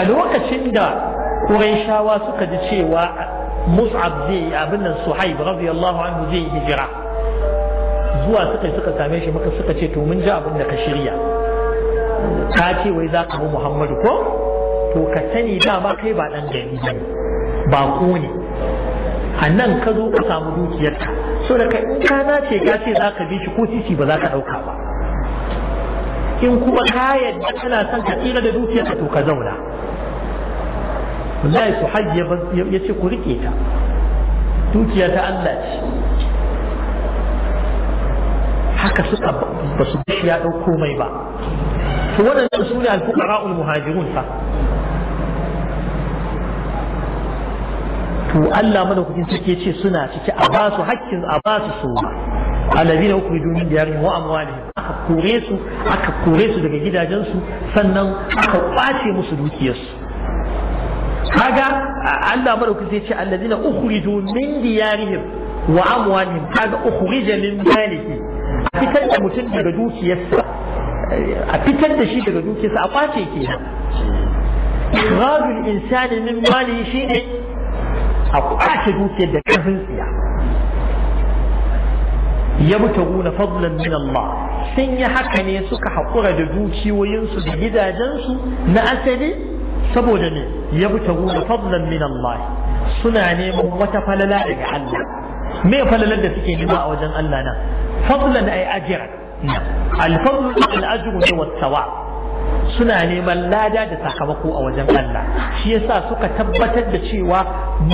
a lokacin da ƙurayshawa suka ji cewa mus'ab zai yi abin nan suhaib radiyallahu anhu zai yi hijira zuwa suka suka same shi muka suka ce to mun ji abin da ka shirya ka ce wai za ka bi muhammadu ko to ka sani dama kai ba dan gari ba ko ne a nan ka zo ka samu dukiyarka so da ka nace ka ce za ka bi shi ko titi ba za ka ɗauka ba in kuma ka yadda kana son ka tsira da dukiyarka to ka zauna wallahi su hajji ya ce ku riƙe ta dukiya ta Allah ce haka suka ba su ya ɗauko mai ba to waɗannan su ne alfuqara'ul muhajirun fa to Allah madaukakin sarki ce suna cike a ba su hakkin a ba su su alladhina ukridu min diyarihim wa amwalihim aka kore su aka kore su daga gidajensu sannan aka kwace musu dukiyarsu kaga Allah madaukakin sai ce alladhina ukridu min diyarihim wa amwalihim kaga ukhrija min malihi a fitar da mutum daga dukiyarsa a fitar da shi daga dukiyarsa a kwace kenan ikhrajul insani min malihi ne. a kwace dukiyar da ƙarfin tsiya ya mutu guna fadlan min Allah sun yi haka ne suka haƙura da dukiyoyinsu da gidajensu na asali saboda ne ya mutu guna fadlan min Allah suna neman wata falala daga Allah me falalar da suke nema a wajen Allah na? fadlan ay ajran al-fadlu al-ajru wa as-sawab suna neman lada da sakamako a wajen Allah shi yasa suka tabbatar da cewa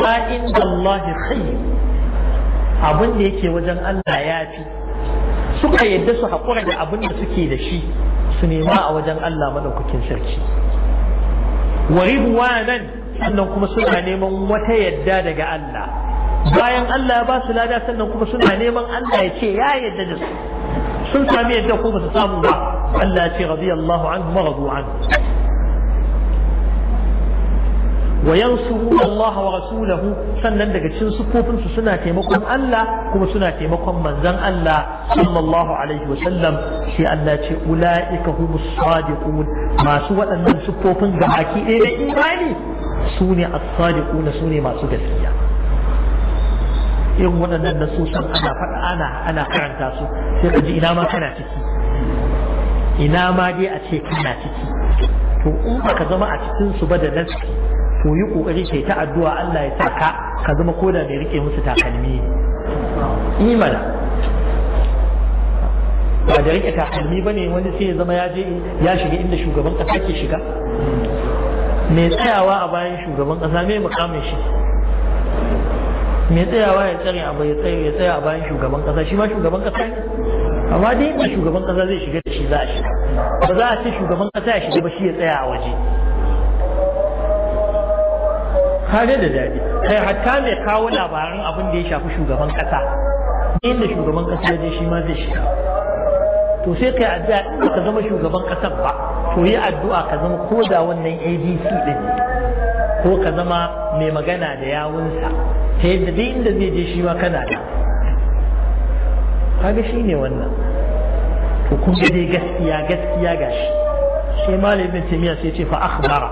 ma inda Allah khair abin da yake wajen Allah ya fi suka yadda su haƙura da abin da suke da shi su nema a wajen Allah maɗaukakin sarki wa ridwanan sannan kuma suna neman wata yadda daga Allah bayan Allah ya ba su lada sannan kuma suna neman Allah ya ce ya yadda da su sun sami yadda ko ba su samu ba Allah ce radiyallahu anhu maradu anhu wa yansuru Allah wa rasulahu sannan daga cikin sufofin suna taimakon Allah kuma suna taimakon manzon Allah sallallahu alaihi wa sallam sai Allah ce ulaika humus sadiqun masu waɗannan sufofin ga baki ɗaya na imani ne as-sadiquna ne masu gaskiya irin waɗannan nasosan ana faɗa ana ana karanta su sai ka ji ina ma kana ciki ina ma dai a ce kana ciki to in baka zama a cikin su ba da nasi to yi kokari kai ta addu'a Allah ya sa ka ka zama koda mai rike musu takalmi ne imana ba da rike takalmi bane wani sai ya zama ya je ya shiga inda shugaban kasa ke shiga mai tsayawa a bayan shugaban kasa mai mukamin shi mai tsayawa ya tsare ya tsaya a bayan shugaban kasa shi ma shugaban kasa ne amma dai ba shugaban kasa zai shiga da shi za a shiga ba za a ce shugaban kasa ya shiga ba shi ya tsaya a waje kare da daɗi kai hatta mai kawo labaran abin da ya shafi shugaban kasa inda shugaban kasa ya je shi ma zai shiga to sai kai addu'a in ka zama shugaban kasan ba to yi addu'a ka zama ko da wannan ADC ɗin ko ka zama mai magana da yawunsa ta yadda dai inda zai je shi ma kana da kaga shi ne wannan to kun ga dai gaskiya gaskiya gashi sai malam ibn taymiya sai ce fa akhbara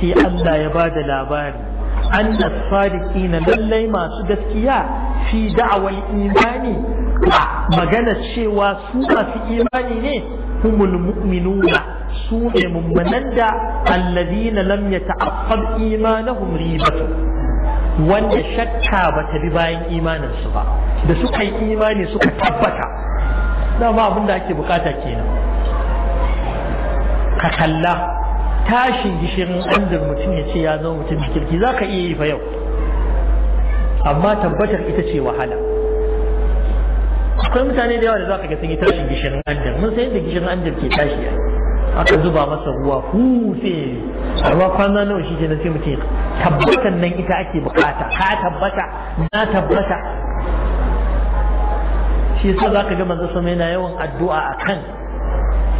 sai Allah ya bada labari anna sadiqina lallai masu gaskiya fi da'awal imani magana cewa su masu imani ne humul mu'minuna su ne mummanan da alladina lam yata'aqqab imanahum ribatu wanda shakka ba ta bi bayan imaninsu ba da suka yi imani suka tabbata dama abin da ake bukata kenan ka kalla tashin gishirin andar mutum ya ce ya zama mutum kirki za ka iya yi fa yau amma tabbatar ita ce wahala akwai mutane da yawa da za ka ga sun yi tashin gishirin andar mun san yadda gishirin andar ke tashi aka zuba masa ruwa hu sai Ruwa kwana nawa shi ke na sai mutum tabbatan nan ita ake bukata ka tabbata na tabbata shi yasa za ka ga manzo sama yana yawan addu'a akan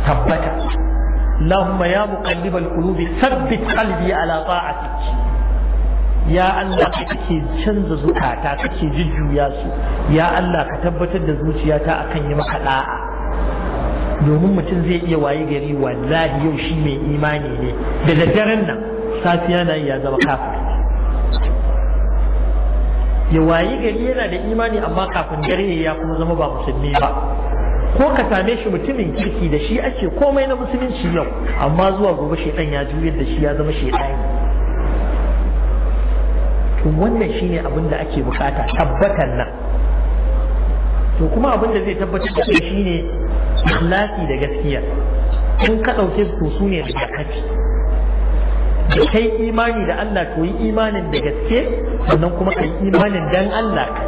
tabbata Allahumma ya muqallibal qulubi thabbit qalbi ala ta'atik ya Allah kake canza zukata kake jujjuya su ya Allah ka tabbatar da zuciyata akan yi maka da'a domin mutum zai iya waye gari wallahi yau shi mai imani ne da daddaren nan safiya na ya zama kafin ya waye gari yana da imani amma kafin dare ya kuma zama ba musulmi ba ko ka same shi mutumin kirki da shi ake komai na musulunci yau amma zuwa gobe shaidan ya juya da shi ya zama shaidani to wannan shine abin da ake bukata tabbatar nan to kuma abin da zai tabbatar da shi shine ikhlasi da gaskiya kun ka ɗauke su to su ne da kafi da kai imani da Allah to yi imanin da gaske sannan kuma ka yi imanin dan Allah ka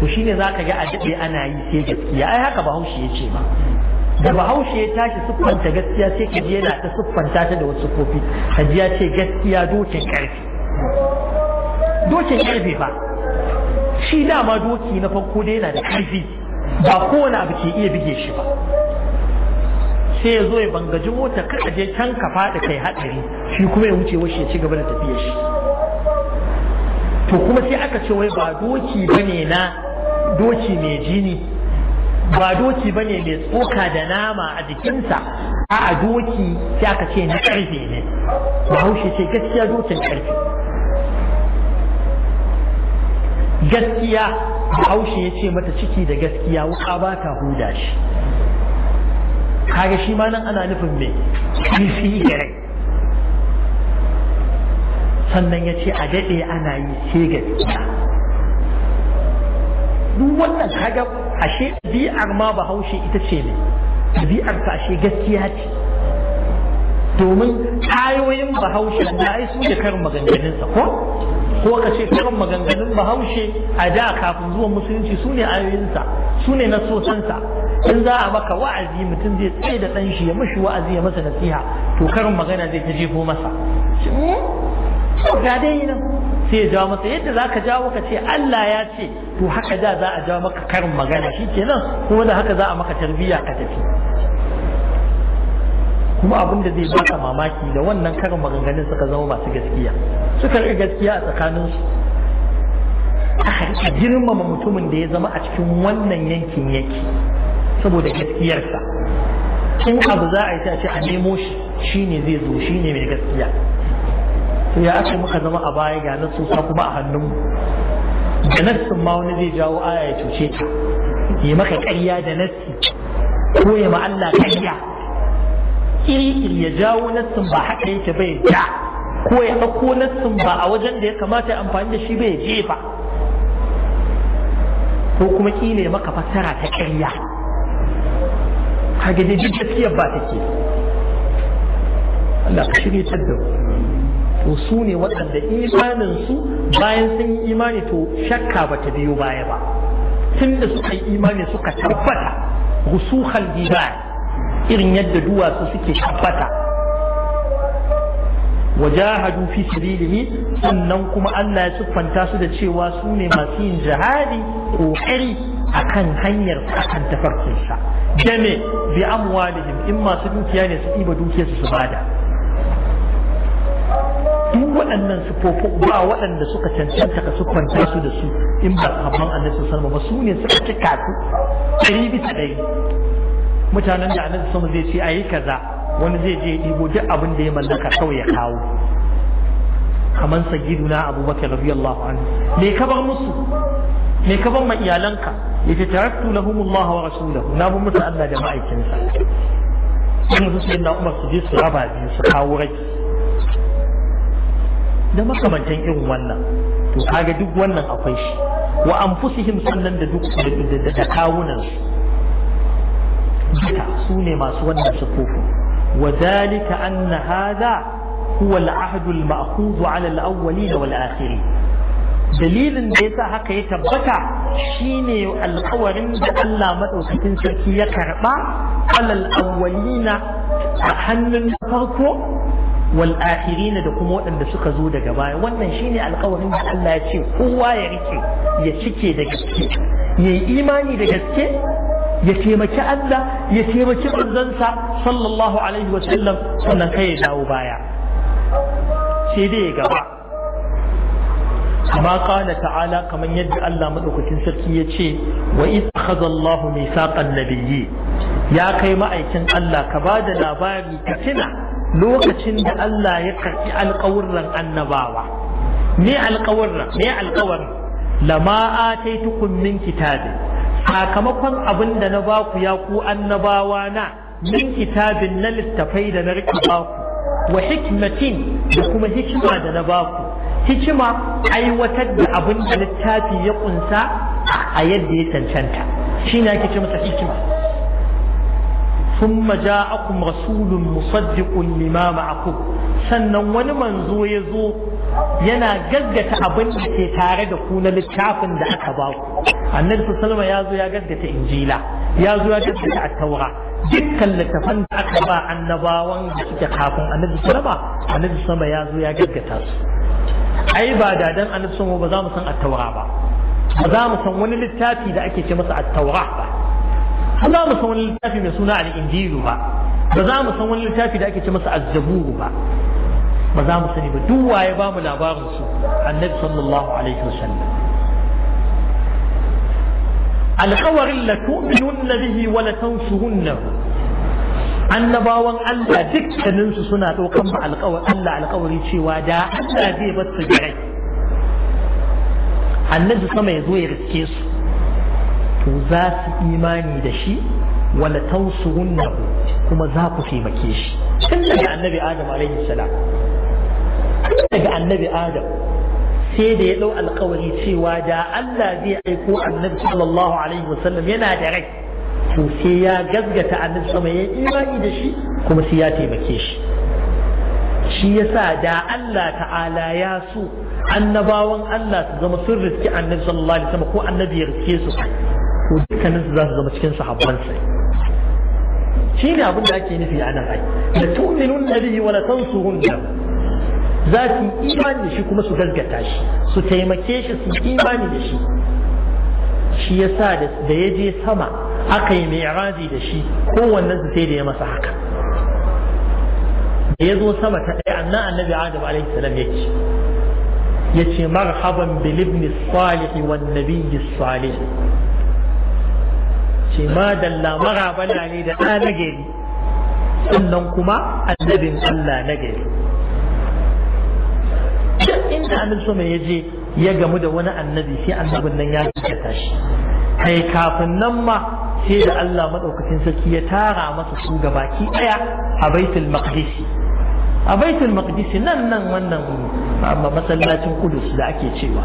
to shine za ka ga a daɗe ana yi sai gaskiya ai haka bahaushe ya ce ba da bahaushe ya tashi siffanta gaskiya sai ka je yana ta siffanta ta da wasu kofi ka ji ya ce gaskiya dokin ƙarfi dokin ƙarfi ba shi dama doki na farko dai yana da ƙarfi ba kowane abu ke iya bige shi ba sai ya zo ya bangaji mota kada je can ka faɗi kai haɗari shi kuma ya wuce washe ya ci gaba da tafiya shi to kuma sai aka ce wai ba doki bane na doki mai jini ba doki bane mai tsoka da nama a jikinsa a doki sai aka ce na karfe ne ba bahaushe ce gaskiya dokin karfe gaskiya haushe ya ce mata ciki da gaskiya wuka ba ta huda shi kaga shi ma nan ana nufin me kifi da rai sannan ya ce a daɗe ana yi sai gaskiya duk wannan kaga ashe biyar ma bahaushe ita ce ne biyar ta ashe gaskiya ce domin tayoyin bahaushe da yi su da karin maganganunsa ko ko ka ce karin maganganun bahaushe a da kafin zuwan musulunci su ne ayoyinsa su ne sosansa in za a maka wa'azi mutum zai tsaye da ɗan shi ya mashi wa'azi ya masa nasiha to karin magana zai ta jefo masa hmm? to ga dai nan sai ya jawo masa yadda za ka jawo ka ce Allah ya ce to haka da za a jawo maka karin magana shi kenan kuma da haka za a maka tarbiyya ka tafi kuma abin da zai baka mamaki da wannan karin maganganun suka zama masu gaskiya suka riƙa gaskiya a tsakaninsu aka girmama mutumin da ya zama a cikin wannan yankin yake saboda gaskiyarsa in abu za a yi ta ce a nemo shi shine zai zo shine mai gaskiya to ya aka muka zama a baya ga nan tsufa kuma a hannun da nassin ma wani zai jawo aya ya cuce ta yi maka ƙarya da nassi ko ya ma Allah ƙarya Ƙirƙir ya jawo nassin ba haka yake bai ja ko ya ɗauko nassin ba a wajen da ya kamata ya amfani da shi bai jefa ko kuma kila ya maka fassara ta ƙarya kage dai gaskiyar ba take Allah ka shirye ta da to su ne waɗanda imanin su bayan sun yi imani to shakka ba ta biyo baya ba tun da suka yi imani suka tabbata rusukhal bidan irin yadda duwatsu suke tabbata wajahadu fi sabilihi sannan kuma Allah ya siffanta su da cewa su ne masu yin jihadi kokari akan hanyar akan tafarkin sa dame bi amwalihim in masu dukiya ne su ɗiba dukiyarsu su bada duk waɗannan sufofin ba waɗanda suka cancanta ka siffanta su da su in ba sahabban annabi sallallahu alaihi wasallam ba su ne suka cika su ɗari bisa ɗari mutanen da annabi sama zai ce ayi kaza wani zai je ɗibo duk abin da ya mallaka kawai ya kawo kamar sayyiduna abubakar radiyallahu anhu me ka bar musu me ka bar ma iyalanka yace taraktu lahumullah wa rasulahu na bar musu Allah da ma'aikinsa in su sayyidina Umar su je su raba biyu su kawo rai da makamantan irin wannan to kaga duk wannan akwai shi wa anfusihim sannan da duk da kawunan su duka su ne masu wannan sukuku wa zalika anna hadha huwa al-ahd al-ma'khudh 'ala al-awwalin wal-akhirin dalilin da yasa haka ya tabbata shine alƙawarin da Allah madaukakin sarki ya karba alal awwalina a hannun farko wal na da kuma waɗanda suka zo daga baya wannan shine alƙawarin da Allah ya ce kowa ya rike ya cike da gaske yayi imani da gaske ya taimaki Allah ya taimaki manzansa sallallahu alaihi wa sallam sannan kai ya dawo baya sai dai ya gaba kama kana ta'ala kaman yadda Allah madaukakin sarki ya ce wa iz akhadha Allah mithaqan nabiyyi ya kai ma'aikin Allah ka ba da labari ka tuna lokacin da Allah ya karbi alƙawurran annabawa me alƙawurran me alƙawarin lama ataitukum min kitabin sakamakon abin da na baku ya ku annabawa na min kitabin na littafai da na rika baku wa hikmatin da kuma hikima da na baku hikima aiwatar da abin da littafi ya kunsa a yadda ya cancanta shi ne ake ce masa hikima ثم جاءكم رسول مصدق لما معكم sannan wani manzo ya zo yana gaggata abin da ke tare da ku na littafin da aka ba ku annabi sallama ya zo ya gaggata injila ya zo ya gaggata at-taura dukkan littafan da aka ba annabawan da suke kafin annabi sallama annabi sallama ya zo ya gaggata su ai ba da dan annabi sallama ba za mu san at-taura ba ba za mu san wani littafi da ake ce masa at-taura ba har za mu san wani littafi mai suna al'injilu ba ba za mu san wani littafi da ake ce masa azzaburu ba ba za mu sani ba duk waye ba mu labarin su annabi sallallahu alaihi wasallam alƙawarin la tu'minunna bihi wa la tansurunnahu annabawan Allah dukkanin su suna ɗaukan ba alƙawar Allah alƙawari cewa da Allah zai bar su rai annabi sama ya zo ya riske su to za su imani da shi wala tansurunnahu kuma za ku taimake shi tun daga annabi adam alaihi salam tun daga annabi adam sai da ya dau alkawari cewa da Allah zai aiko annabi sallallahu alaihi wasallam yana da rai to sai ya gaskata annabi sama ya imani da shi kuma sai ya taimake shi shi yasa da Allah ta'ala ya so annabawan Allah su zama sun riski annabi sallallahu alaihi wasallam ko annabi ya riske su Ko dukkanin su za su zama cikin sahabban sai shi ne abin da ake nufi a nan ai da tu'minun nabi wa la tansurun za su imani da shi kuma su gaskata shi su taimake shi su imani da shi shi yasa da ya je sama aka yi mai mi'raji da shi kowannen su sai da ya masa haka da ya zo sama ta ɗaya annan annabi adam alaihi salam ya yace marhaban bil ibn salih wan nabiy ce ma dalla marabala ne da ɗa na gari sannan kuma annabin Allah na gari duk inda sama ya je ya gamu da wani annabi sai annabin nan ya gaskata shi kai kafin nan ma sai da Allah madaukakin sarki ya tara masa su gabaki ɗaya a baitul maqdis a baitul maqdis nan nan wannan masallacin kudus da ake cewa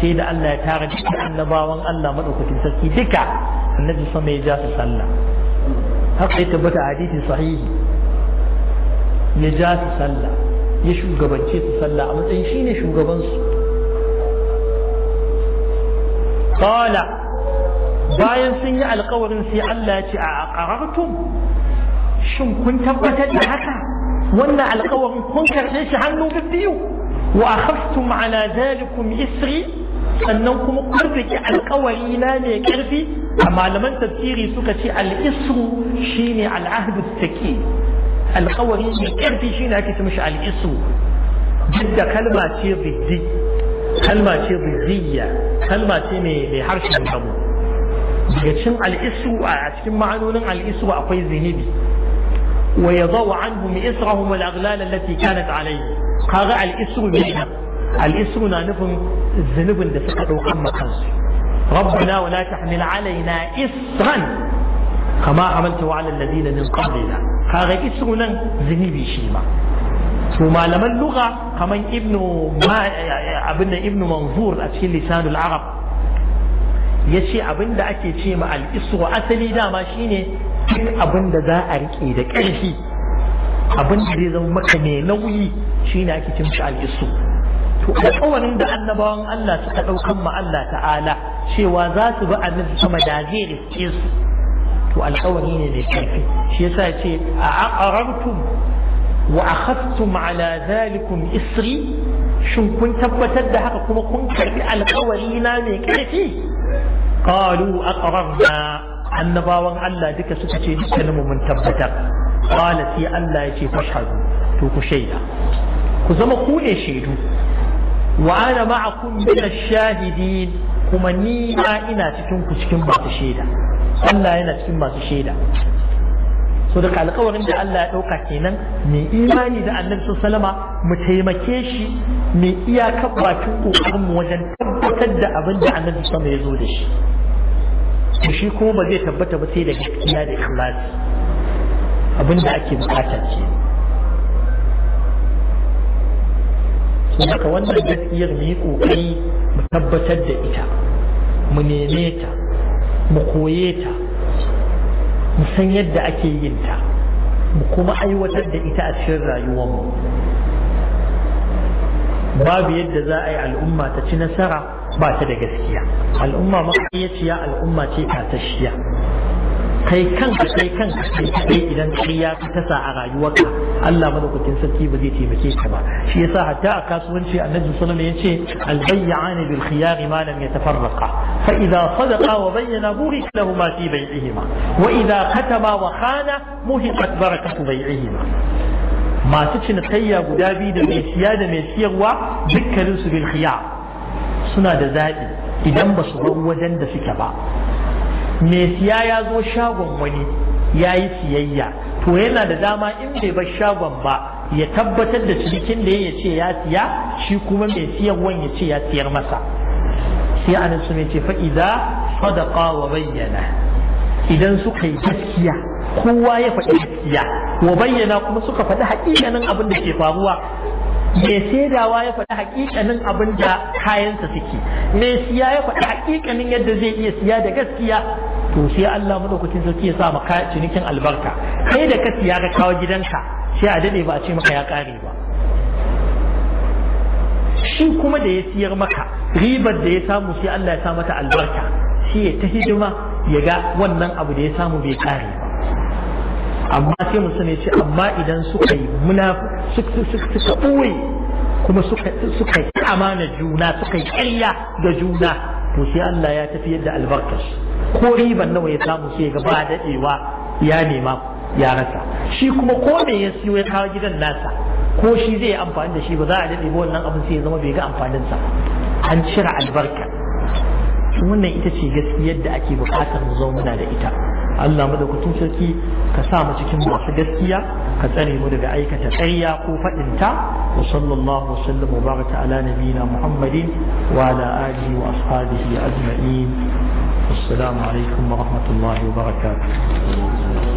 sai da Allah ya tara dukkan annabawan Allah madaukakin sarki duka النبي صلى الله عليه وسلم حق يتبت عديث صحيح يجات صلى يشو قبل جيت صلى أما تنشين يشو قبل قال باين سنع القول في الله أعقرتم شم كنت بتدي حتى وانا القول كنت رجيش عنه بالديو واخفتم على ذلكم إسري sannan kuma kurziki alkawari na mai karfi a malaman tafsiri suka ce al'isru shine al'ahdu take alkawari mai karfi shine ake ce mishi al'isru duk kalma ce biddi kalma ce biddiya kalma ce mai harshen gabo daga cikin al'isru a cikin ma'anonin al'isru akwai zinibi wa yadawu anhum israhum wal aghlal allati kanat alayhi kaga al'isru biddi al'ismu na nufin zunubin da suka ɗaukan makansu rabbana wala tahmil alaina isran kama hamalta wa alal ladina min qablina kaga isru nan zunubi shi ma to malaman lugha kaman ibnu abinda ibnu manzur a cikin lisanul arab yace abinda ake ce ma al asali dama shine duk abinda za a rike da ƙarfi abinda zai zama maka mai nauyi shine ake cin shi al isru alƙawarin da annabawan Allah suka ɗaukan ma Allah ta'ala cewa za su bi annabi sama da zai riske su to alƙawari ne mai ƙarfi shi yasa ce a aqarartum wa akhadtum ala zalikum isri shin kun tabbatar da haka kuma kun karbi alƙawari na mai ƙarfi qalu aqrarna annabawan Allah duka suka ce dukkanin mu mun tabbatar qala sai Allah ya ce fashhadu to ku shaida ku zama ku ne shaidu wa ana ma'akum min ash-shahidin kuma ni ma ina cikin ku cikin masu shaida yana cikin masu shaida so daga alƙawarin da Allah ya ɗauka kenan mai imani da annabi sallama mu taimake shi mai iyakar bakin kokarin mu wajen tabbatar da abin da annabi sallama ya zo da shi to shi ba zai tabbata ba sai da gaskiya da ikhlasi abin da ake bukata kenan su haka wannan gaskiyar mu yi ƙoƙari mu tabbatar da ita mu neme ta mu koye ta mu san yadda ake yin ta mu kuma aiwatar da ita a cikin rayuwarmu babu yadda za a yi al'umma ta ci nasara ba ta da gaskiya al'umma maƙayyaciya al'umma ce tashiya. kai kanka kai kanka kai kai idan ƙarya ka tasa a rayuwarka Allah madaukakin sarki ba zai taimake ka ba shi yasa hatta a kasuwanci annabi sallallahu alaihi wasallam yace al-bay'an bil khiyar ma lam yatafarraqa fa idza sadaqa wa bayyana burik ma fi bay'ihima wa idza katama wa khana muhiqat barakatu bay'ihima masu cinikayya guda biyu da mai siya da mai siyarwa dukkaninsu bil khiyar suna da zaɓi idan ba su bar wajen da suke ba mai siya ya zo shagon wani ya yi siyayya to yana da dama in bai bar shagon ba ya tabbatar da cikin da ya ce ya siya shi kuma mai wani ya ce ya siyar masa sai an su mai ce fa'iza sadaqa wa bayyana idan suka yi gaskiya kowa ya faɗi gaskiya wa bayyana kuma suka faɗi haƙiƙanin abin da ke faruwa mai saidawa ya faɗi hakikanin abin da kayansa suke mai siya ya faɗi hakikanin yadda zai iya siya da gaskiya to sai Allah madaukakin sarki ya sa maka cinikin albarka kai da ka siya ka kawo gidanka sai a daɗe ba a ce maka ya kare ba shi kuma da ya siyar maka ribar da ya samu sai Allah ya sa mata albarka shi ya ta hidima ya ga wannan abu da ya samu bai ƙare ba amma sai mu sani ce amma idan suka yi munafi suka ɓoye kuma suka yi amana juna suka yi ƙarya ga juna to sai Allah ya tafi yadda albarkas ko riban nawa ya samu sai ga ba daɗewa ya nema ya rasa shi kuma ko me ya siyo ya kawo gidan nasa ko shi zai amfani da shi ba za a daɗe ba wannan abin sai ya zama bai ga amfaninsa an cire albarka wannan ita ce gaskiyar da ake bukatar mu zo muna da ita Allah madaukakin sarki ka sa mu cikin masu gaskiya ka tsare mu daga aikata ƙarya ko faɗinta wa sallallahu wa sallam wa baraka ala nabiyina muhammadin wa ala alihi wa ashabihi ajma'in assalamu alaikum wa rahmatullahi wa barakatuh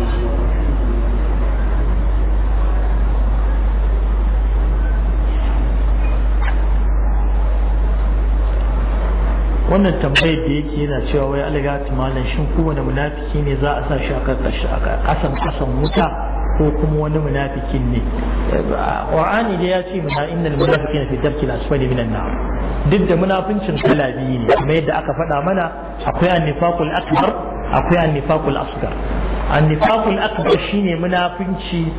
wannan tambayar da yake yana cewa wai algati malam shin kowane munafiki ne za a sa shi a kasan kasan wuta ko kuma wani munafikin ne qur'ani da ya ce muna innal munafiqina fi darkil asfali minan nar duk da munafincin kala biyu ne mai yadda aka faɗa mana akwai annifaqul akbar akwai annifaqul asghar annifaqul akbar shine munafinci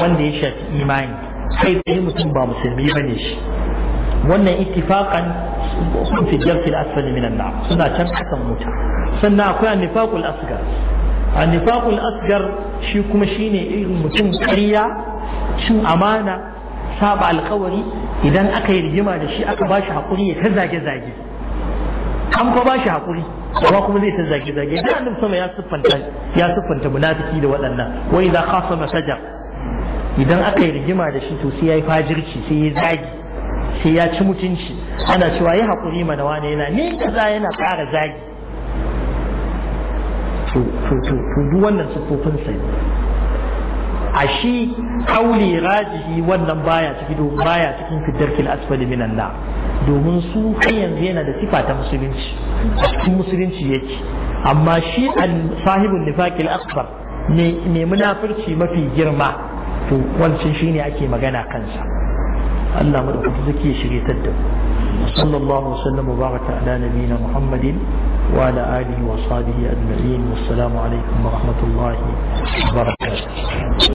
wanda ya shafi imani kai tsaye mutum ba musulmi bane shi wannan ittifaqan sun fi jarfil asfali minan nar suna can kasan wuta sannan akwai annifaqul asgar annifaqul asgar shi kuma shine irin mutum kariya cin amana saba alkawari idan aka yi rigima da shi aka bashi hakuri ya ta zage-zage an fa bashi hakuri amma kuma zai ta zage-zage da annabi sama ya siffanta ya siffanta munafiki da waɗannan wai idza khasama sajar idan aka yi rigima da shi to sai yayi fajirci sai yayi zagi sai ya ci mutunci ana cewa yi haƙuri mana wane yana ni kaza yana ƙara zagi to duk wannan siffofin sai a shi kauli rajihi wannan baya ciki baya cikin fiddarkil asfali minan na domin su har yanzu yana da sifa ta musulunci a cikin musulunci yake amma shi sahibin nifaqil akbar ne munafurci mafi girma to wancan shine ake magana kansa Allah marubuta suke shirye da mu sallallahu alaihi wa ala nabiyina muhammadin wala alihi wa sahbihi ajma'in wassalamu alaikum wa rahmatullahi wa barakatuh